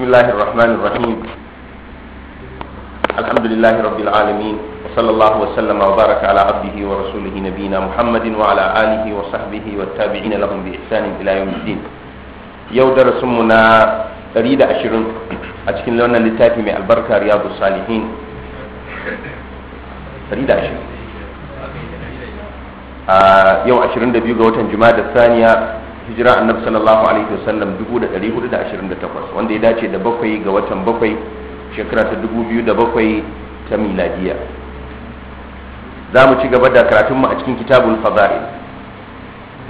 بسم الله الرحمن الرحيم الحمد لله رب العالمين وصلى الله وسلم وبارك على عبده ورسوله نبينا محمد وعلى آله وصحبه والتابعين لهم بإحسان إلى يوم الدين يو درسمنا تريد أشرون أتكن لنا لتاتي من البركة رياض الصالحين تريد أشرون آه يوم أشرون دبيو جوة جماد الثانية hijira annabi sallallahu alaihi wasallam 1428 wanda ya dace da bakwai ga watan bakwai shekara ta 2007 ta miladiya za mu ci gaba da karatunmu a cikin kitabul fada'il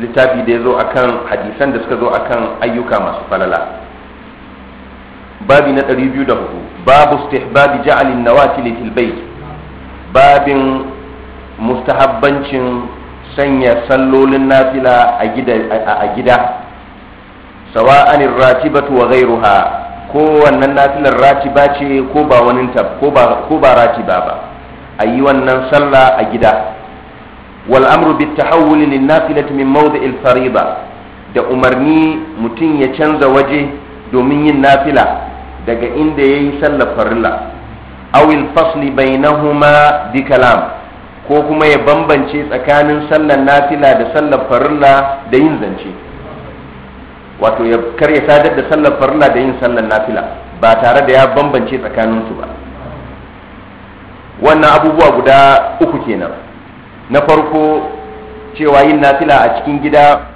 littafi da ya zo a kan hadisan da suka zo a kan ayyuka masu falala babi na 204 babu istihbabi ja'alin nawafil fil bai babin mustahabbancin sanya sallolin nafila a gida sawa'an ratibatu wa ghairuha ko wannan nafilar ratiba ce ko ba wani ko ba ko ba ba a yi wannan sallah a gida wal amru bit tahawul lin nafilati min mawdi' al fariba da umarni mutum ya canza waje domin yin nafila daga inda yayi sallar farilla aw al fasli bainahuma bi kalam ko kuma ya bambance tsakanin sallar nafila da sallar farilla da yin zance wato ya kar ya sadar da sallar farilla da yin sallar nafila ba tare da ya bambance tsakanin su ba wannan abubuwa guda uku kenan na farko cewa yin nafila a cikin gida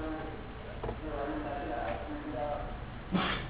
Thank you.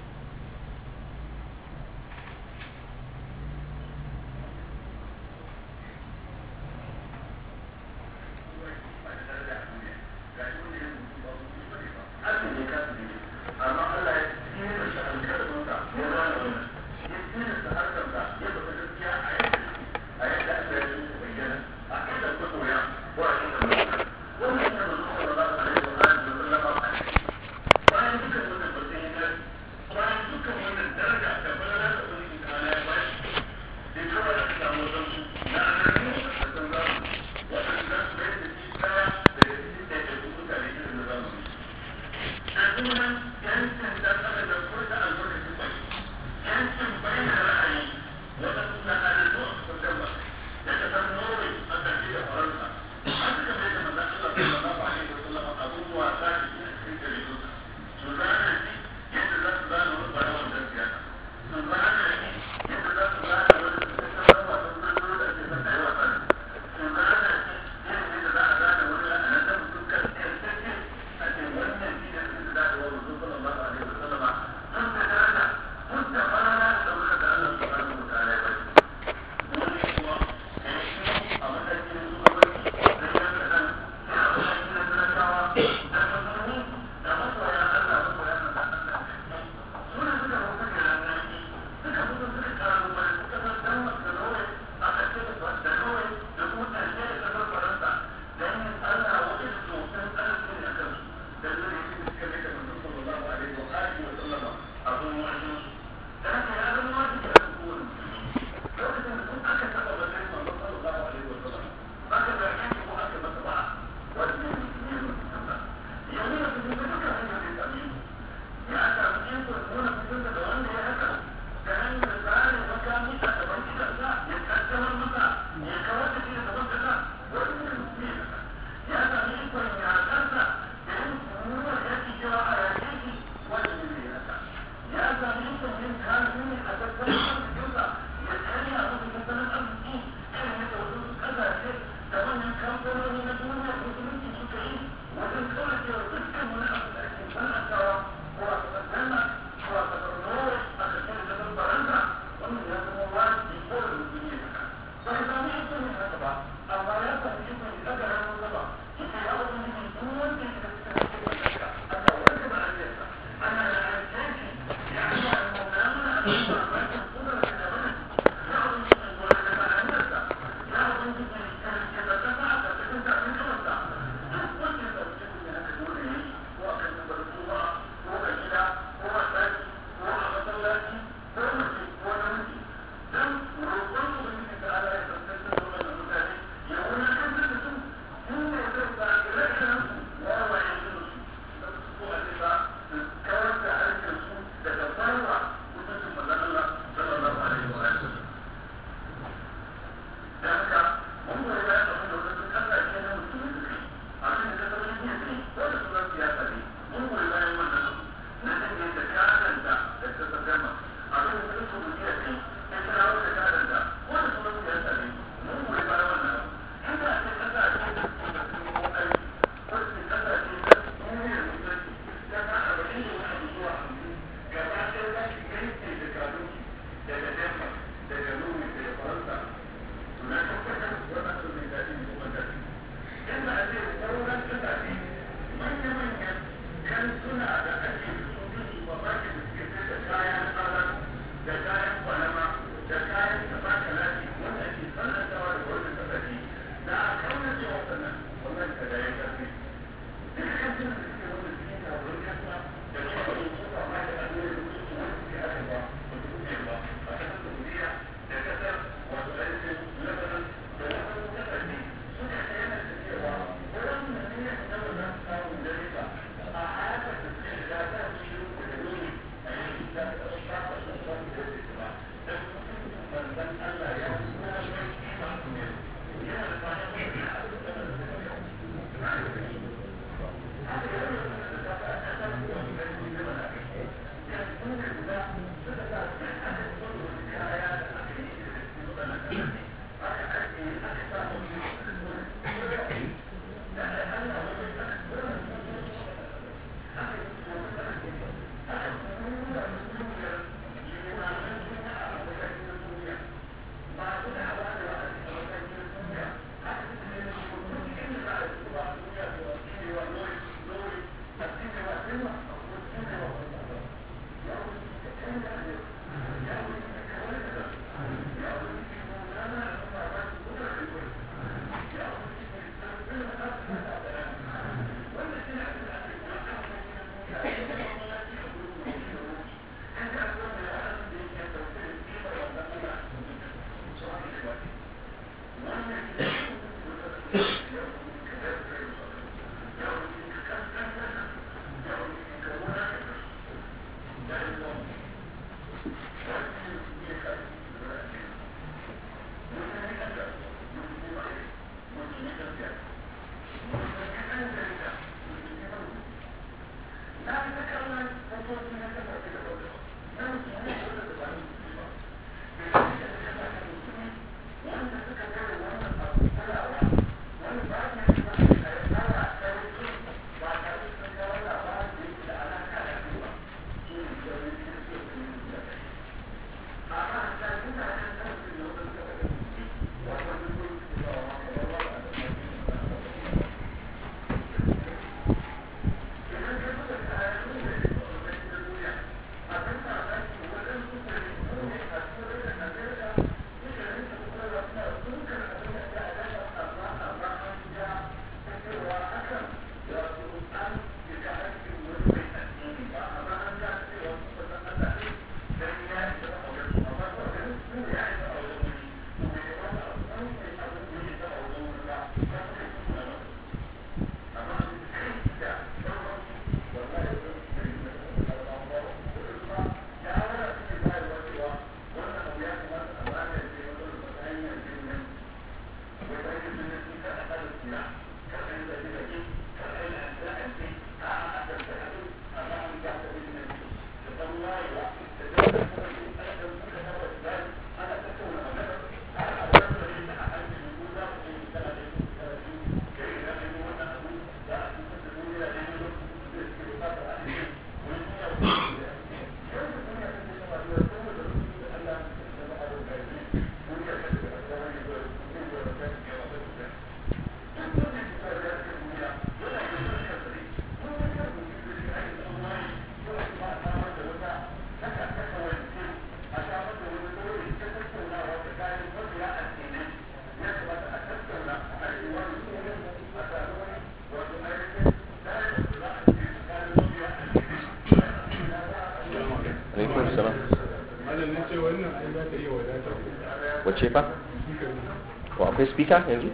ita yanzu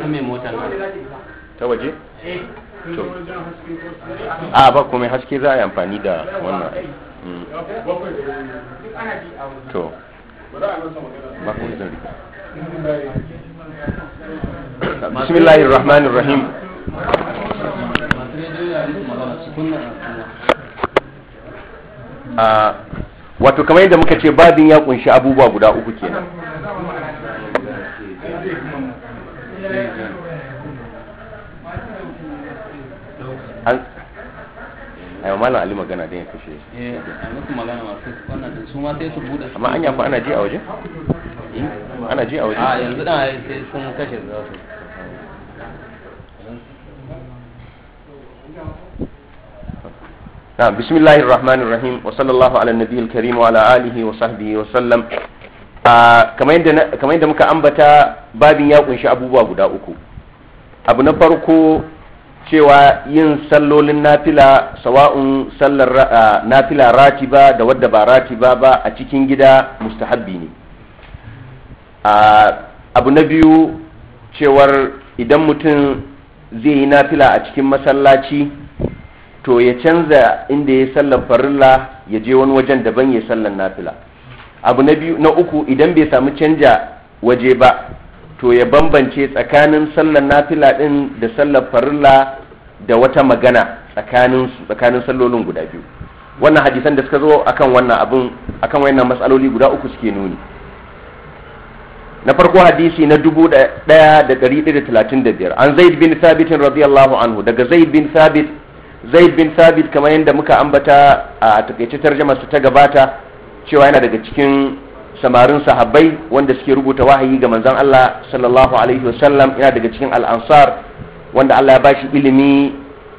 na mai motar na ta waje eh. to a ba kuma haske za a yi amfani da wannan mm. to ba kuma zan bismillahir rahmanir rahim wato kamar yadda muka ce babin ya kunshi abubuwa guda uku kenan ai malam ali magana dan ya kashe eh muku magana ma sai wannan su ma sai su bude amma an yafa ana ji a waje eh, ana ji a waje a yanzu sai sun kashe za su نعم بسم الله الرحمن الرحيم وصلى الله على النبي الكريم وعلى آله وصحبه وسلم kamar yadda muka ambata babin ya ƙunshi abubuwa guda uku abu na farko cewa yin sallolin nafila sawa'un sallar nafila ratiba da wadda ba ratiba ba a cikin gida mustahabbi ne abu na biyu cewar idan mutum zai yi nafila a cikin masallaci to ya canza inda ya sallar farilla ya je wani wajen daban ya sallar nafila abu na biyu na uku idan bai samu canja waje ba to ya bambance tsakanin sallar nafila din da sallar farilla da wata magana tsakanin tsakanin sallolin guda biyu wannan hadisan da suka zo akan wannan abun akan wayannan matsaloli guda uku suke nuni na farko hadisi na 1135 an zaid bin thabit radiyallahu anhu daga zaid bin sabit zaid bin thabit kamar yadda muka ambata a takaice su ta gabata cewa yana daga cikin samarin sahabbai wanda suke rubuta wahayi ga manzon Allah sallallahu alaihi wasallam yana daga cikin al'ansar wanda Allah ya bashi ilimi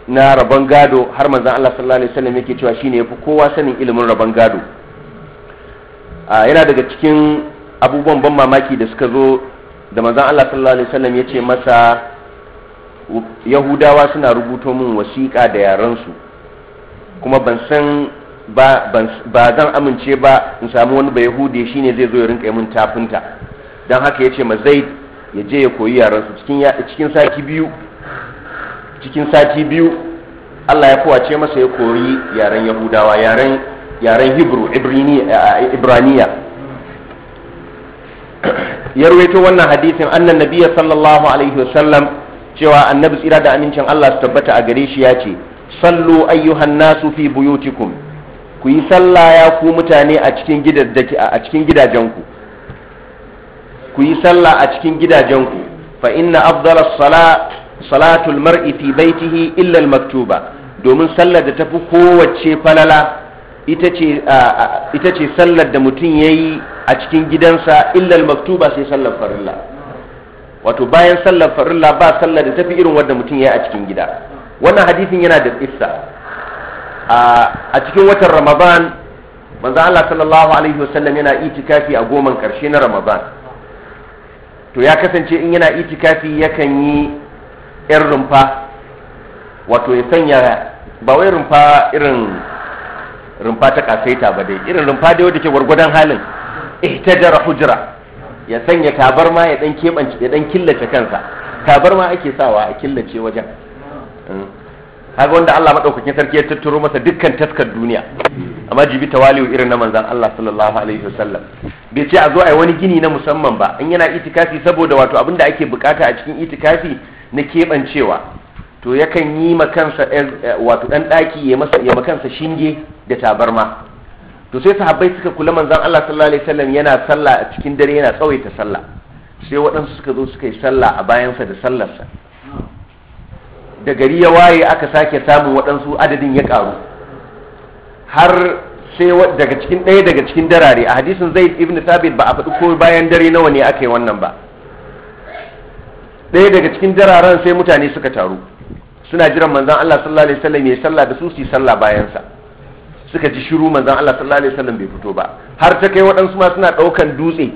na rabon gado har manzon Allah sallallahu alaihi wasallam yake cewa shine yafi kowa sanin ilimin rabon gado yana daga cikin abubuwan ban mamaki da suka zo da manzon Allah sallallahu alaihi wasallam ya ce masa yahudawa suna rubuto min wasiƙa da yarensu kuma ban san ba zan amince ba in samu wani ba yahude shi ne zai zo ya rinka mun tafinta don haka ya ce ma zai ya je ya koyi yaransu cikin sati biyu cikin sati biyu allah ya ce masa ya koyi yaren yahudawa yaren hebrew ibraniya ya ruwaito wannan hadisin annan nabiya sallallahu alaihi wasallam cewa annabi tsira da amincin allah su tabbata a gare shi ya ce sallu ayyuhan nasu fi buyutikum ku yi sallah ya ku mutane a cikin gidaddaki a cikin gidajenku ku yi sallah a cikin gidajenku fa inna afdala salatul mar'i fi baitihi illa al-maktuba domin sallar da tafi kowace falala ita ce sallar da mutum ya yi a cikin gidansa illal maktuba sai sallar farilla wato bayan sallar farilla ba sallar da tafi irin wanda mutum ya yi a cikin gida wannan hadisin yana da isa a cikin watan ramadan manzo Allah sallallahu alaihi wasallam yana itikafi a goman karshe na ramadan to ya kasance in yana itikafi yakan yi yan rumfa wato ya sanya ba wai rumfa irin rumfa ta kasaita ba dai irin rumfa dai wadda ke gwargwadon halin ihtajara hujra ya sanya tabarma ya dan kebance ya dan killace kansa tabarma ake sawa a killace wajen hmm. kaga wanda Allah madaukakin sarki ya tattaro masa dukkan taskar duniya amma jibi tawali'u irin na manzon Allah sallallahu alaihi wasallam bai ce a zo ai wani gini na musamman ba in yana itikafi saboda wato abin da ake bukata a cikin itikafi na keɓancewa to yakan yi makansa eh, wato dan daki ya masa ya makansa shinge da tabarma to sai sahabbai suka kula manzon Allah sallallahu alaihi wasallam yana sallah a cikin dare yana tsawaita sallah sai waɗansu suka zo suka yi sallah a bayansa da sallarsa da gari ya waye aka sake samun waɗansu adadin ya ƙaru har sai daga cikin ɗaya daga cikin darare a hadisin zaid ibn thabit ba a faɗi ko bayan dare nawa ne aka yi wannan ba ɗaya daga cikin dararen sai mutane suka taru suna jiran manzan Allah sallallahu alaihi wasallam ya sallah da su su sallah bayan sa suka ji shiru manzan Allah sallallahu alaihi wasallam bai fito ba har ta kai waɗansu ma suna ɗaukan dutse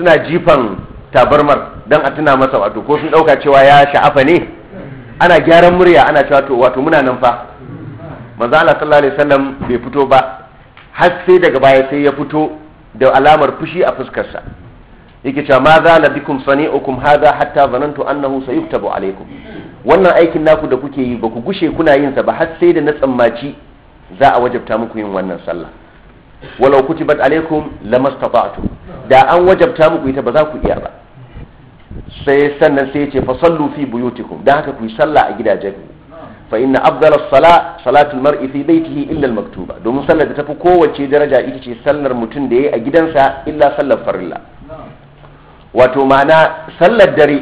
suna jifan tabarmar don a tuna masa wato ko sun ɗauka cewa ya sha'afa ne ana gyaran murya ana cewa to wato muna nan fa manzo Allah sallallahu alaihi wasallam bai fito ba har sai daga baya sai ya fito da alamar fushi a fuskarsa yake cewa ma za bikum sani'ukum hadha hatta zanantu annahu sayuktabu alaikum wannan aikin naku da kuke yi ba ku gushe kuna yin sa ba har sai da na tsammaci za a wajabta muku yin wannan sallah walau kutibat alaikum lamastata'tum da an wajabta muku ita ba za ku iya ba sai sannan sai ce fa sallu fi buyutikum dan haka ku yi sallah a gidajenku fa inna afdala sala salatul mar'i fi baytihi illa al maktuba domin sallar da tafi kowace daraja ita ce sallar mutum da yayi a gidansa illa sallar farilla wato ma'ana sallar dare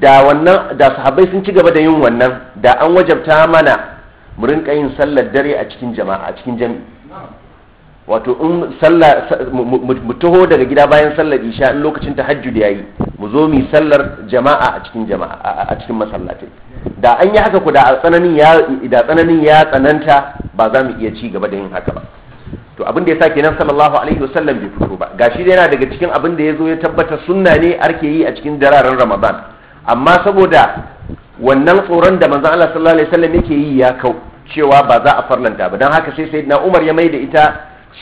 da wannan da sahabbai sun ci gaba da yin wannan da an wajabta mana mu rinka yin sallar dare a cikin jama'a a cikin jami'a wato in sallah mu taho daga gida bayan sallar isha in lokacin da yayi mu zo mu sallar jama'a a cikin jama'a a cikin masallatai da an yi haka ku da tsananin ya da tsananin ya tsananta ba za mu iya ci gaba da yin haka ba to abin da yasa kenan sallallahu alaihi wasallam bai fito ba gashi dai yana daga cikin abin da yazo ya tabbata sunna ne arke yi a cikin dararen ramadan amma saboda wannan tsoron da manzon Allah sallallahu alaihi wasallam yake yi ya kau cewa ba za a farlanta ba don haka sai sayyidina Umar ya mai da ita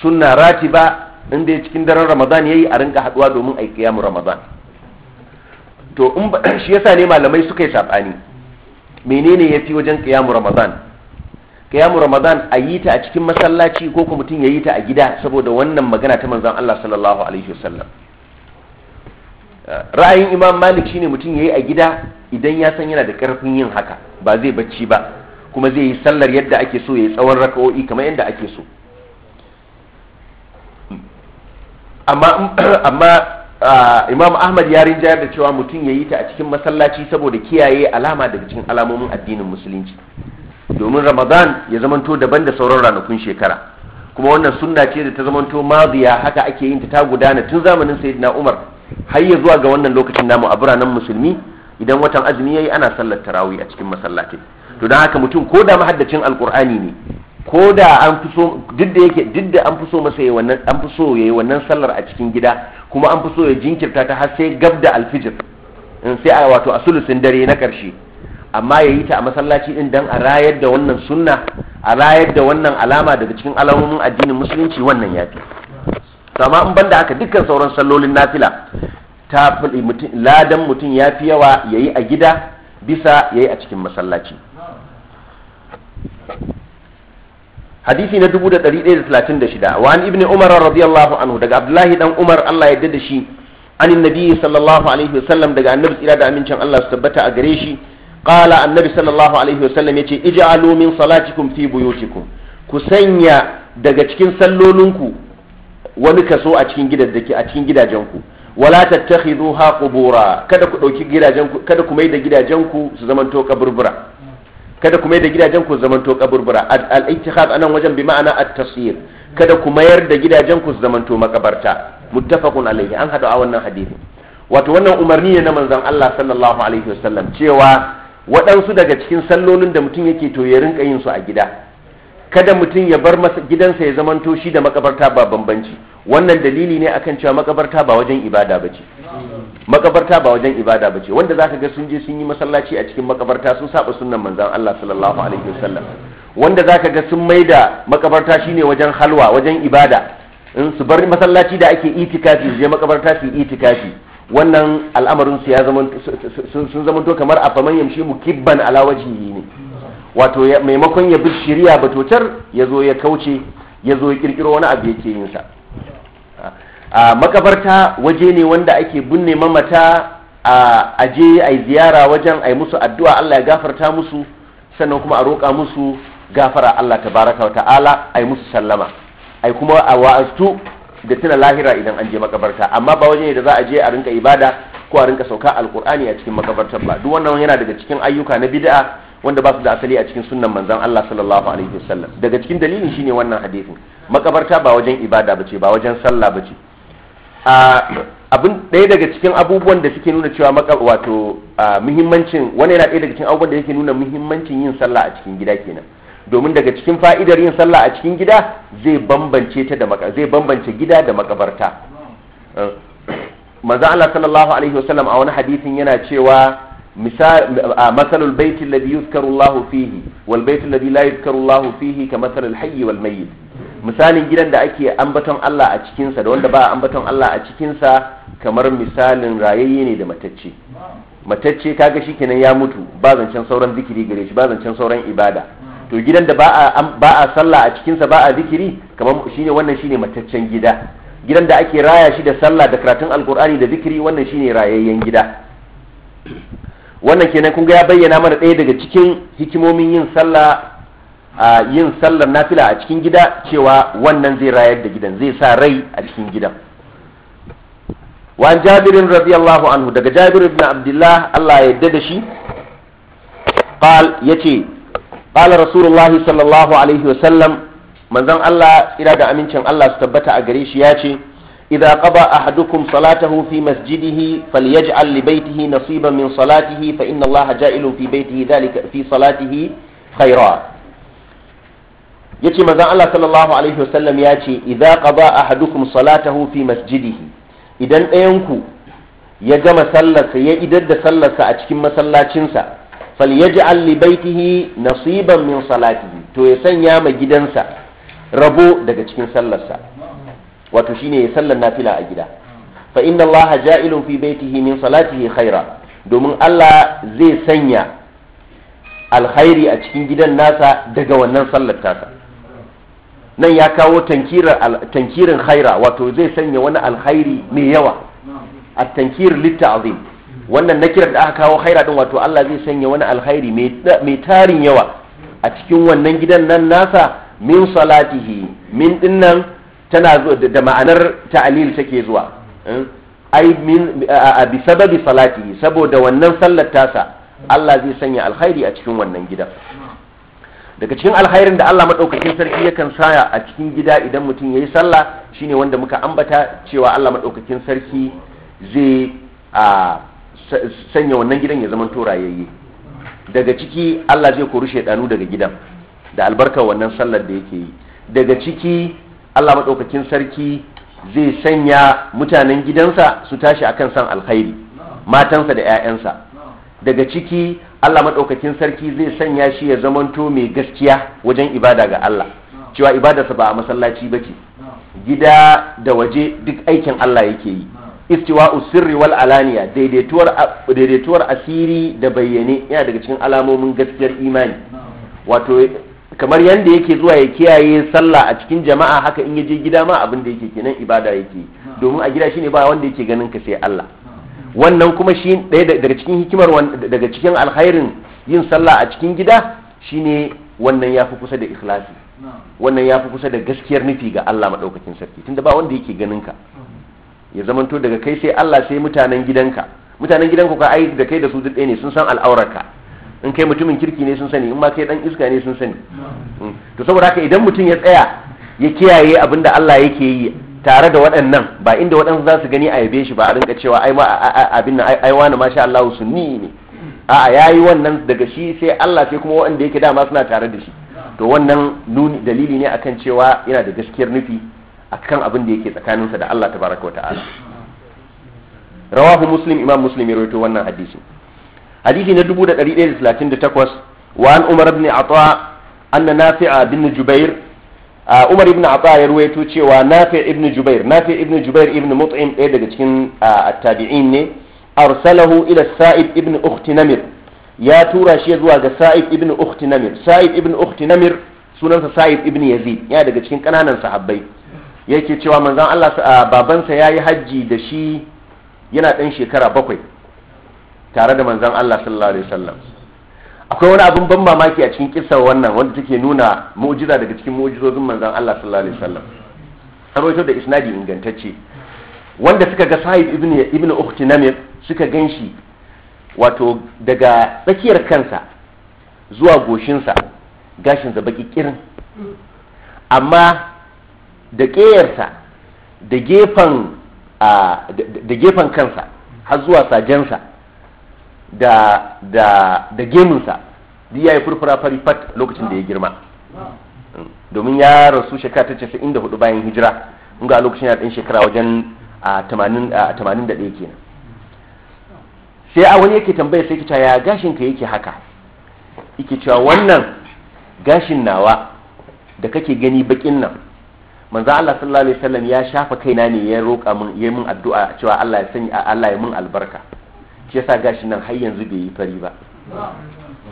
sunna ratiba inda ya cikin daren ramadan yayi a rinka haduwa domin a yi kiyamu ramadan to in shi yasa ne malamai suka yi sabani menene ya fi wajen kiyamu ramadan kiyamu ramadan a yi ta a cikin masallaci ko kuma mutum ya yi ta a gida saboda wannan magana ta manzon Allah sallallahu alaihi wasallam eh, ra'ayin imam malik shine mutum ya yi a gida idan ya san yana da karfin yin haka ba zai bacci ba kuma zai yi sallar yadda ake so ya yi tsawon raka'o'i kamar yadda ake so amma imam ahmad ya rinjayar da cewa mutum ya yi ta a cikin masallaci saboda kiyaye alama daga cikin alamomin addinin musulunci domin ramadan ya zamanto daban da sauran ranakun shekara kuma wannan sunna ce da ta zamanto maziya haka ake yin ta ta gudana tun zamanin sayyidina umar har ya zuwa ga wannan lokacin namu a biranen musulmi idan watan azumi yayi ana sallar tarawih a cikin masallaci to don haka mutum ko da mahaddacin alqur'ani ne ko da an fi so duk da yake duk da an fi so masa yayi wannan an fi so yayi wannan sallar a cikin gida kuma an fi so ya jinkirta ta har sai gab da alfijir in sai a wato a sulusin dare na karshe amma ya yi ta a masallaci din dan a rayar da wannan sunna a rayar da wannan alama daga cikin alamomin addinin musulunci wannan yafi to amma in banda haka dukkan sauran sallolin nafila ta ladan mutum fi yawa yayi a gida bisa ya yi a cikin masallaci hadisi na dubu da 1136 wa an ibni umar radiyallahu anhu daga abdullahi dan umar Allah ya yarda da shi an nabi sallallahu alaihi wasallam daga annabi tsira da amincin Allah su tabbata a gare shi qala annabi sallallahu alaihi wasallam yace ij'alu min salatikum fi buyutikum ku sanya daga cikin sallolinku wani kaso a cikin gidaddaki a cikin gidajenku wala tattakhiduha qubura kada ku dauki gidajenku kada ku maida gidajenku su zamanto kaburbura kada ku mayar da gidajen ku zamanto kaburbura al ittihad anan wajen bi ma'ana at-tasir kada ku mayar da gidajen ku zamanto makabarta muttafaqun alayhi an hada a wannan hadisi wato wannan umarni ne na manzon Allah sallallahu alaihi wasallam cewa waɗansu daga cikin sallolin da mutum yake to ya rinka yin su a gida kada mutum ya bar masa gidansa ya zamanto shi da makabarta ba bambanci wannan dalili ne akan cewa makabarta ba wajen ibada bace makabarta ba wajen ibada bace wanda zaka ga sun je sun yi masallaci a cikin makabarta sun saba sunnan manzon Allah sallallahu alaihi wasallam wanda zaka ga sun da makabarta shine wajen halwa wajen ibada in su bar masallaci da ake itikafi je makabarta su itikafi wannan al'amarin su ya zama sun zama to kamar a faman yamshi mukibban ala wajhihi ne wato maimakon ya bi shari'a batotar ya zo ya kauce ya zo ya kirkiro wani abu yake yin sa a makabarta waje ne wanda ake binne mamata a aje a ziyara wajen a musu addu'a Allah ya gafarta musu sannan kuma a roƙa musu gafara Allah tabaraka wa ta'ala a musu sallama ai kuma a wa'astu da tuna lahira idan an je makabarta amma ba waje ne da za a je a rinka ibada ko a rinka sauka alkur'ani a cikin makabartar ba duk wannan yana daga cikin ayyuka na bid'a wanda ba su da asali a cikin sunnan manzon Allah sallallahu alaihi wasallam daga cikin dalilin shine wannan hadisin makabarta ba wajen ibada bace ba wajen sallah bace abin ɗaya daga cikin abubuwan da suke nuna cewa maka wato muhimmancin wani yana ɗaya daga cikin abubuwan da yake nuna muhimmancin yin sallah a cikin gida kenan domin daga cikin fa'idar yin sallah a cikin gida zai bambance ta da zai bambance gida da makabarta manzo Allah sallallahu alaihi wasallam a wani hadisin yana cewa misal Masalul البيت الذي يذكر Fihi فيه والبيت الذي لا Fihi ka masalul hayy wal mayyit misalin gidan da ake ambaton Allah a cikinsa da wanda ba ambaton Allah a cikinsa kamar misalin rayayye ne da matacce matacce kaga shi kenan ya mutu ba zancen sauran zikiri gare shi ba zancen sauran ibada to gidan da ba a sallah a cikinsa ba a zikiri kamar shine wannan shine mataccen gida gidan da ake raya shi da sallah da karatun alkur'ani da zikiri wannan shine rayayyen gida wannan kenan kun ga ya bayyana mana ɗaya daga cikin hikimomin yin sallah a yin sallar nafila a cikin gida cewa wannan zai rayar da gidan zai sa rai a cikin gidan wa jabirin radiyallahu anhu daga jabir ibn abdullah Allah ya yadda da shi qal yace qala rasulullahi sallallahu alaihi wa sallam manzon Allah ira da amincin Allah su tabbata a gare shi ya yace idza qada ahadukum salatahu fi masjidihi falyaj'al li baytihi nasiban min salatihi fa inna allaha ja'ilu fi baytihi dhalika fi salatihi khayran yace manzon Allah sallallahu alaihi wasallam ya ce idza qada ahadukum salatahu fi masjidihi idan ɗayan ku ya gama sallarsa ya idar da sallarsa a cikin masallacinsa falyaj'al li baitihi nasiban min salatihi to ya sanya ma gidansa rabo daga cikin sallarsa wato shine ya sallar nafila a gida fa inna allaha ja'ilun fi baitihi min salatihi khaira domin Allah zai sanya alkhairi a cikin gidan nasa daga wannan sallar tasa nan ya kawo tankirin haira, wato zai sanya wani alkhairi mai yawa a tankir azim wannan nakirar da aka kawo haira din wato Allah zai sanya wani alkhairi mai tarin yawa a cikin wannan gidan nan nasa min salatihi min dinnan tana zuwa da ma'anar ta'alil take zuwa hmm? ai min a bi sababi salatihi saboda wannan sallar tasa Allah zai sanya alkhairi a cikin wannan gidan daga cikin alkhairin da Allah madaukakin sarki yakan saya a cikin gida idan mutum yayi sallah shine wanda muka ambata cewa Allah madaukakin sarki zai a sanya wannan gidan ya zama torayayye daga ciki Allah zai kori shedanu daga gidan da albarkar wannan sallar da yake yi daga ciki Allah madaukakin sarki zai sanya mutanen gidansa su tashi akan san alkhairi matansa da ƴaƴansa. daga ciki Allah maɗaukakin sarki zai sanya shi ya zamanto mai gaskiya wajen ibada ga Allah cewa ibadarsa ba a masallaci ba ce gida da waje duk aikin Allah yake yi istiwa usirri wal alaniya daidaituwar asiri da bayyane yana daga cikin alamomin gaskiyar imani wato kamar yadda yake zuwa ya kiyaye sallah a cikin jama'a haka in ya je gida ma abin da yake kenan ibada yake domin a gida shine ba wanda yake ganin ka sai Allah wannan kuma shi ɗaya daga cikin hikimar daga cikin alkhairin yin sallah a cikin gida shine wannan ya fi kusa da ikhlasi wannan ya fi kusa da gaskiyar nufi ga Allah maɗaukakin sarki tunda ba wanda yake ganin ka ya zamanto daga kai sai Allah sai mutanen gidanka mutanen gidanka ka ai da kai da su ne sun san al'aurarka in kai mutumin kirki ne sun sani in ma kai dan iska ne sun sani mm. to saboda haka idan mutum ya tsaya ya kiyaye abinda da Allah yake yi tare da waɗannan ba inda waɗansu za su gani a yabe shi ba a rinka cewa ai abin nan ai wani masha Allah ni ne a'a yi wannan daga shi sai Allah sai kuma waɗanda yake dama suna tare da shi to wannan nuni dalili ne akan cewa yana da gaskiyar nufi akan abin da yake tsakaninsa da Allah tabaraka wa ta'ala rawahu muslim imam muslim ya rawaito wannan hadisi hadisi na 1138 wa an umar ibn ata anna nafi'a bin jubair umar ibn abba ya ruwaito cewa nafi ibn jubair nafi ibn jubair ibn mut'im ɗaya daga cikin at-tabi'in ne arsalahu ila sa'id ibn ukhti namir ya tura shi zuwa ga sa'id ibn ukhti namir sa'id ibn ukhti namir sunansa sa'id ibn yazid ya daga cikin kananan sahabbai yake cewa manzon Allah babansa ya yi hajji da shi yana dan shekara bakwai tare da manzon Allah sallallahu alaihi wasallam akwai wani abin ban mamaki a cikin kissar wannan wanda take nuna mu'jiza daga cikin mu'jizozin manzon Allah sallallahu alaihi wasallam sarwaito da isnadi ingantacce wanda suka ga sahib ibn ibn ukhti namir suka ganshi wato daga tsakiyar kansa zuwa goshinsa gashinsa baki kirin amma da ƙeyarsa da gefen kansa har zuwa sajensa da da da geminsa duk yayi furfura fari fat lokacin da ya girma mm. domin ya rasu shekara ta 94 bayan hijira in ga lokacin ya dan shekara wajen a 80 81 kenan sai a wani yake tambaya sai kita ya gashin ka yake haka yake cewa wannan gashin nawa da kake gani bakin nan manzo Allah sallallahu alaihi wasallam ya shafa kaina ne ya roƙa min yayin addu'a cewa Allah ya sanya Allah ya mun albarka shi yasa gashi nan har yanzu bai yi fari ba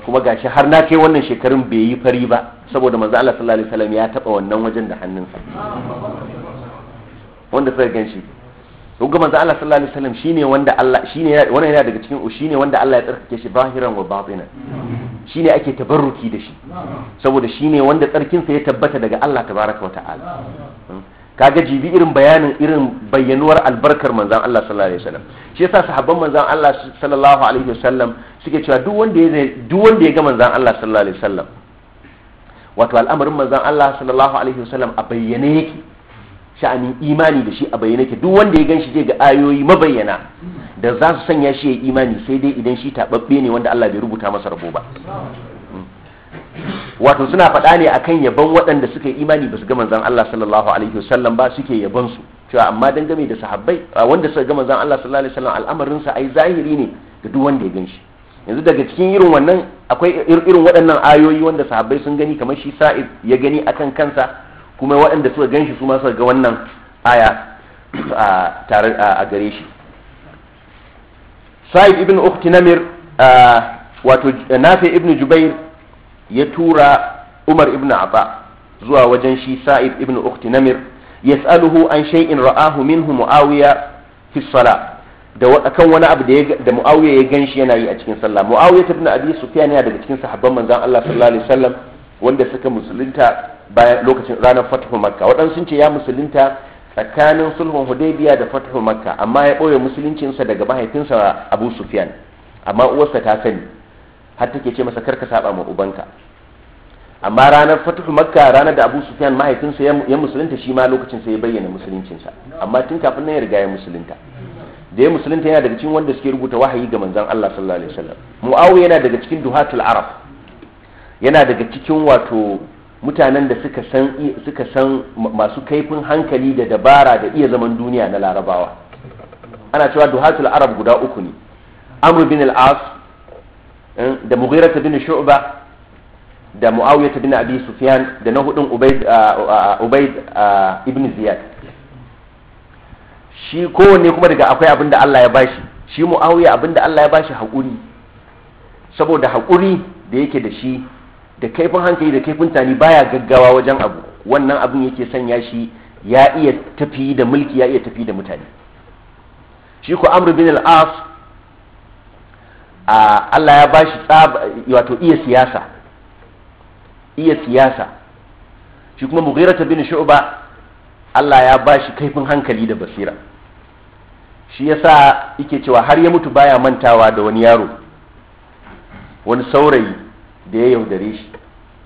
kuma gashi har na kai wannan shekarun bai yi fari ba saboda manzo Allah sallallahu alaihi wasallam ya taba wannan wajen da hannunsa wanda sai ganshi to ga manzo Allah sallallahu alaihi wasallam shine wanda Allah shine wannan yana daga cikin shine wanda Allah ya tsarkake shi bahiran wa batina shine ake tabarruki da shi saboda shine wanda tsarkin sa ya tabbata daga Allah tabaraka wa ta'ala hmm. kaga jibi irin bayanin irin bayyanuwar albarkar manzan Allah sallallahu alaihi wasallam shi yasa sahabban manzan Allah sallallahu alaihi wasallam suke cewa duk wanda ya duk wanda ya ga manzan Allah sallallahu alaihi wasallam wato al'amarin manzan Allah sallallahu alaihi wasallam a bayyane yake sha'anin imani da shi a bayyane yake duk wanda ya ganshi zai ga ayoyi mabayyana da za su sanya shi ya imani sai dai idan shi tababbe ne wanda Allah bai rubuta masa rabo ba wato suna faɗa ne akan yabon waɗanda suka yi imani ba su ga zan Allah sallallahu alaihi wasallam ba suke yabon su cewa amma dangane da sahabbai wanda suka gama zan Allah sallallahu alaihi wasallam al'amarin sa ai zahiri ne ga duk wanda ya ganshi yanzu daga cikin irin wannan akwai irin waɗannan ayoyi wanda sahabbai sun gani kamar shi sa'id ya gani akan kansa kuma waɗanda suka ganshi su ma suka ga wannan aya a tare a gare shi sa'id ibn ukhti namir wato nafi ibn jubair ya tura Umar ibn Abba zuwa wajen shi Sa'id ibn Ukhti Namir yas'aluhu an shay'in ra'ahu minhu Muawiya fi sala da kan wani abu da da Muawiya ya ganshi yana yi a cikin sallah Muawiya ibn Abi Sufyan yana daga cikin sahabban manzon Allah sallallahu alaihi wasallam wanda suka musulunta bayan lokacin ranar Fathu Makka waɗansu sun ce ya musulunta tsakanin sulhun Hudaybiya da Fathu Makka amma ya boye musuluncinsa daga mahaifinsa Abu Sufyan amma uwarsa ta sani har take ce masa karka saba ma ubanka amma ranar fatuhu makka ranar da abu sufyan mahaifinsa ya musulunta shi ma lokacin sai ya bayyana musuluncinsa amma tun kafin nan ya riga ya musulunta da ya musulunta yana daga cikin wanda suke rubuta wahayi ga manzon Allah sallallahu alaihi wasallam muawiya yana daga cikin duhatul arab yana daga cikin wato mutanen da suka san suka san masu kaifin hankali da dabara da iya zaman duniya na larabawa ana cewa duhatul arab guda uku ne amr bin al-as da mughira bin shu'ba da muawiya bin abi sufyan da na hudun ubaid ubaid ibn ziyad shi kowanne kuma daga akwai abin Allah ya bashi shi muawiya abinda Allah ya bashi hakuri saboda hakuri da yake da shi da kaifin hankali da kaifin tani baya gaggawa wajen abu wannan abin yake sanya shi ya iya tafi da mulki ya iya tafi da mutane shi ko amr bin al-as Allah ya ba shi wato iya siyasa iya siyasa shi kuma ta bin shu'ba Allah ya ba shi kaifin hankali da basira shi ya sa yake cewa har ya mutu baya mantawa da wani yaro wani saurayi da ya yaudare shi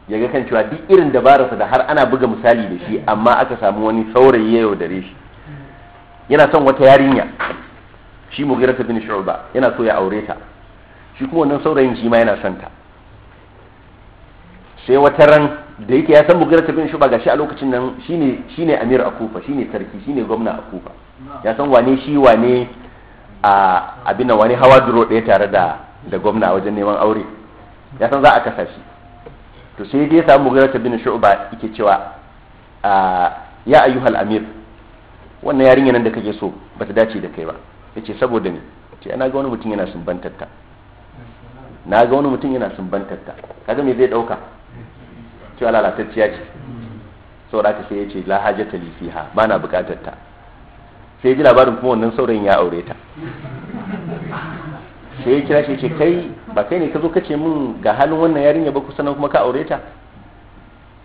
ya ga kan cewa duk irin dabararsa da har ana buga misali da shi amma aka samu wani saurayi ya yaudare shi yana son wata yarinya shi ta bin shu'ba yana so ya aure ta shi kuma wannan saurayin shi ma yana son ta sai wata ran da yake ya san mugira tafin shi ba gashi a lokacin nan shine shine amir a kufa shine sarki shine gwamna a kufa ya san wane shi wane a abinan wani hawa duro ɗaya tare da da gwamna a wajen neman aure ya san za a kasa shi to sai dai ya samu mugira bin shu'ba yake cewa ya ayyuhal amir wannan yarinya nan da kake so bata dace da kai ba yace saboda ne ce ana ga wani mutum yana sumbantar ta na ga wani mutum yana ta kaga me zai dauka cewa lalatacciya ce saboda ta sai ya ce la hajata ta lifiha ba na bukatar ta sai ji labarin kuma wannan saurayin ya aure ta sai ya kira shi ce kai ba kai ne ka zo ka ce min ga halin wannan yarinya ba kusa nan kuma ka aure ta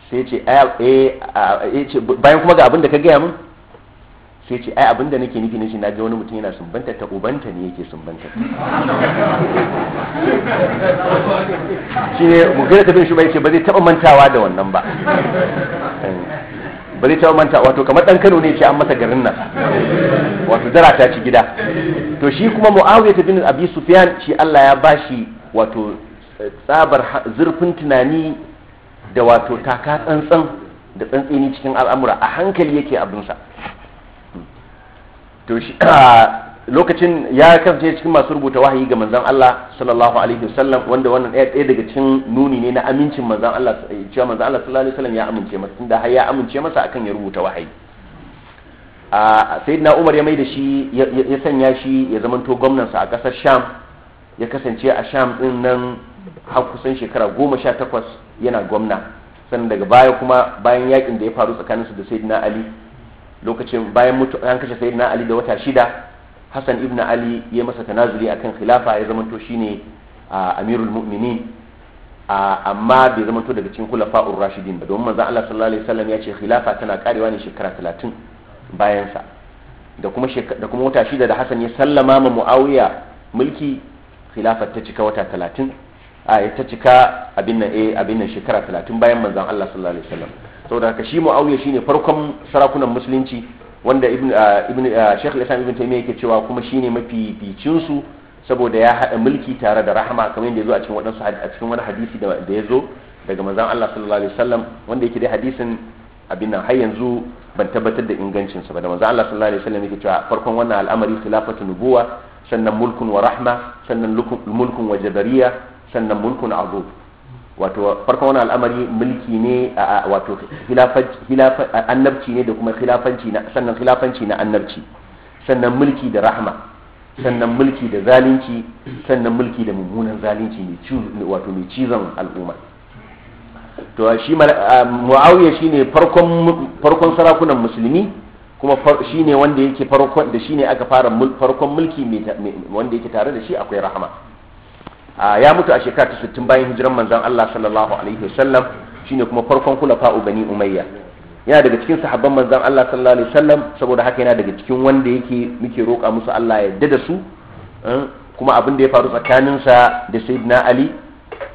sai ya ce eh, bayan kuma ga abin da ka gaya min sai ce ai abinda nake nufi na shi na ga wani mutum yana sumbanta ta ubanta ne yake sumbanta shine mu gina bin shi bai ce ba zai taba mantawa da wannan ba eh, ba zai taba mantawa. wato kamar dan Kano ne ce an masa garin nan wato dara ta ci gida to shi kuma Muawiya bin Abi Sufyan shi Allah ya bashi wato eh, tsabar zurfin tunani da wato taka tsantsan da tsantseni cikin al'amura a hankali yake abinsa to shi lokacin ya kasance cikin masu rubuta wahayi ga manzon Allah sallallahu alaihi wasallam wanda wannan ɗaya daga cikin nuni ne na amincin manzon Allah eh, cewa manzon Allah sallallahu alaihi wasallam ya amince masa tunda har ya amince masa akan ya rubuta wahayi a sayyidina Umar ya mai da shi ya sanya shi ya to gwamnan sa a ƙasar Sham ya kasance a Sham din nan har kusan shekara goma sha takwas yana gwamna sannan daga baya kuma bayan yakin da ya faru tsakaninsu da sayyidina Ali lokacin bayan mutu an kashe sayyidina ali da wata shida hassan ibn ali ya masa tanazuli akan khilafa ya zama to shine amirul mu'minin amma bai zama to daga cikin khulafa'ur rashidin ba domin manzo Allah sallallahu alaihi wasallam ya ce khilafa tana karewa ne shekara 30 bayan sa da kuma da kuma wata shida da hassan ya sallama ma muawiya mulki khilafar ta cika wata 30 a ta cika abin nan eh abin nan shekara 30 bayan manzo Allah sallallahu alaihi wasallam saboda ka shi muawiya shine farkon sarakunan musulunci wanda ibn ah, ibn ah, shaykh al-islam ibn taymiya yake cewa kuma shine mafi bicin su saboda ya hada mulki tare da rahama kamar yadda yazo a cikin wadansu a cikin wani hadisi da ya zo daga manzon Allah sallallahu alaihi wasallam wanda yake da hadisin abin nan har yanzu ban tabbatar da ingancin sa ba da manzon Allah sallallahu alaihi wasallam yake cewa farkon wannan al'amari khilafatu nubuwa sannan mulkun wa rahma sannan mulkun wa jabariya sannan mulkun azub wato farkon wani al'amari mulki ne a wato annabci ne da kuma khilafanci na sannan khilafanci na annabci sannan mulki da rahama sannan mulki da zalunci sannan mulki da mummunan zalunci ne wato mai cizon al'umma to shi muawiya shine farkon farkon sarakunan musulmi kuma shine wanda yake farkon da shine aka fara farkon mulki wanda yake tare da shi akwai rahama Ah, ya mutu a shekara ta sittin bayan hijiran manzon Allah sallallahu alaihi wasallam shine kuma farkon u bani umayya yana daga cikin sahabban manzon Allah sallallahu alaihi wasallam saboda haka yana daga cikin wanda yake muke roƙa musu Allah ya yarda da su eh, kuma abin da ya faru tsakanin sa da sayyidina Ali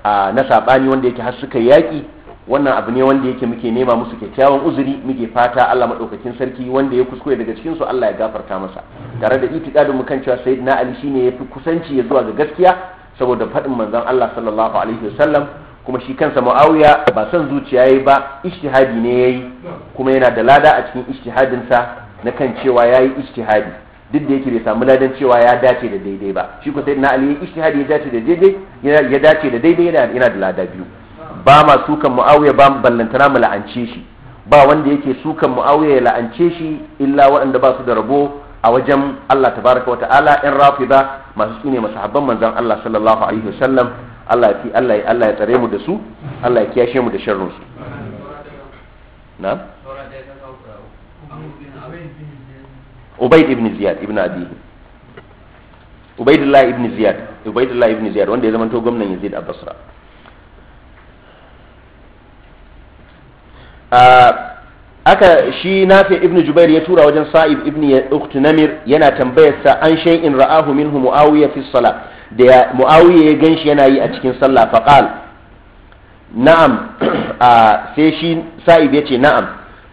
ah, na sabani wanda yake har suka yaki wannan abu ne wanda yake muke nema musu kyakkyawan uzuri muke fata Allah madaukakin sarki wanda ya kuskure daga cikin su Allah ya gafarta masa tare da itikadin mu kan cewa sayyidina Ali shine fi kusanci ya zuwa ga gaskiya saboda faɗin manzon Allah sallallahu alaihi wasallam kuma shi kansa Muawiya ba son zuciya yayi ba ijtihadi ne yayi kuma yana da lada a cikin ijtihadin sa na kan cewa yayi ijtihadi duk da yake bai samu ladan cewa ya dace da daidai ba shi ko sai na Ali ijtihadi ya dace da daidai ya dace da daidai yana da lada biyu ba ma sukan Muawiya ba ballantana mu la'ance shi ba wanda yake sukan Muawiya ya la'ance shi illa waɗanda ba su da rabo a wajen Allah tabaraka wata'ala in ba masu sune masahabban manzon Allah sallallahu alaihi wasallam Allah ya Allah ya Allah ya tsare mu da su Allah ya kiyashe mu da sharrin su na Ubayd ibn Ziyad ibn Abi Ubaydullah ibn Ziyad Ubaydullah ibn Ziyad wanda ya zama to gwamnan Yazid a Basra ah, aka shi nafi ibn jubair ya tura wajen sa'ib ibn ukht namir yana tambayar sa an in ra'ahu minhu muawiya fi salat da muawiya ya ganshi yana yi a cikin sallah fa qal na'am sai shi sa'ib yace na'am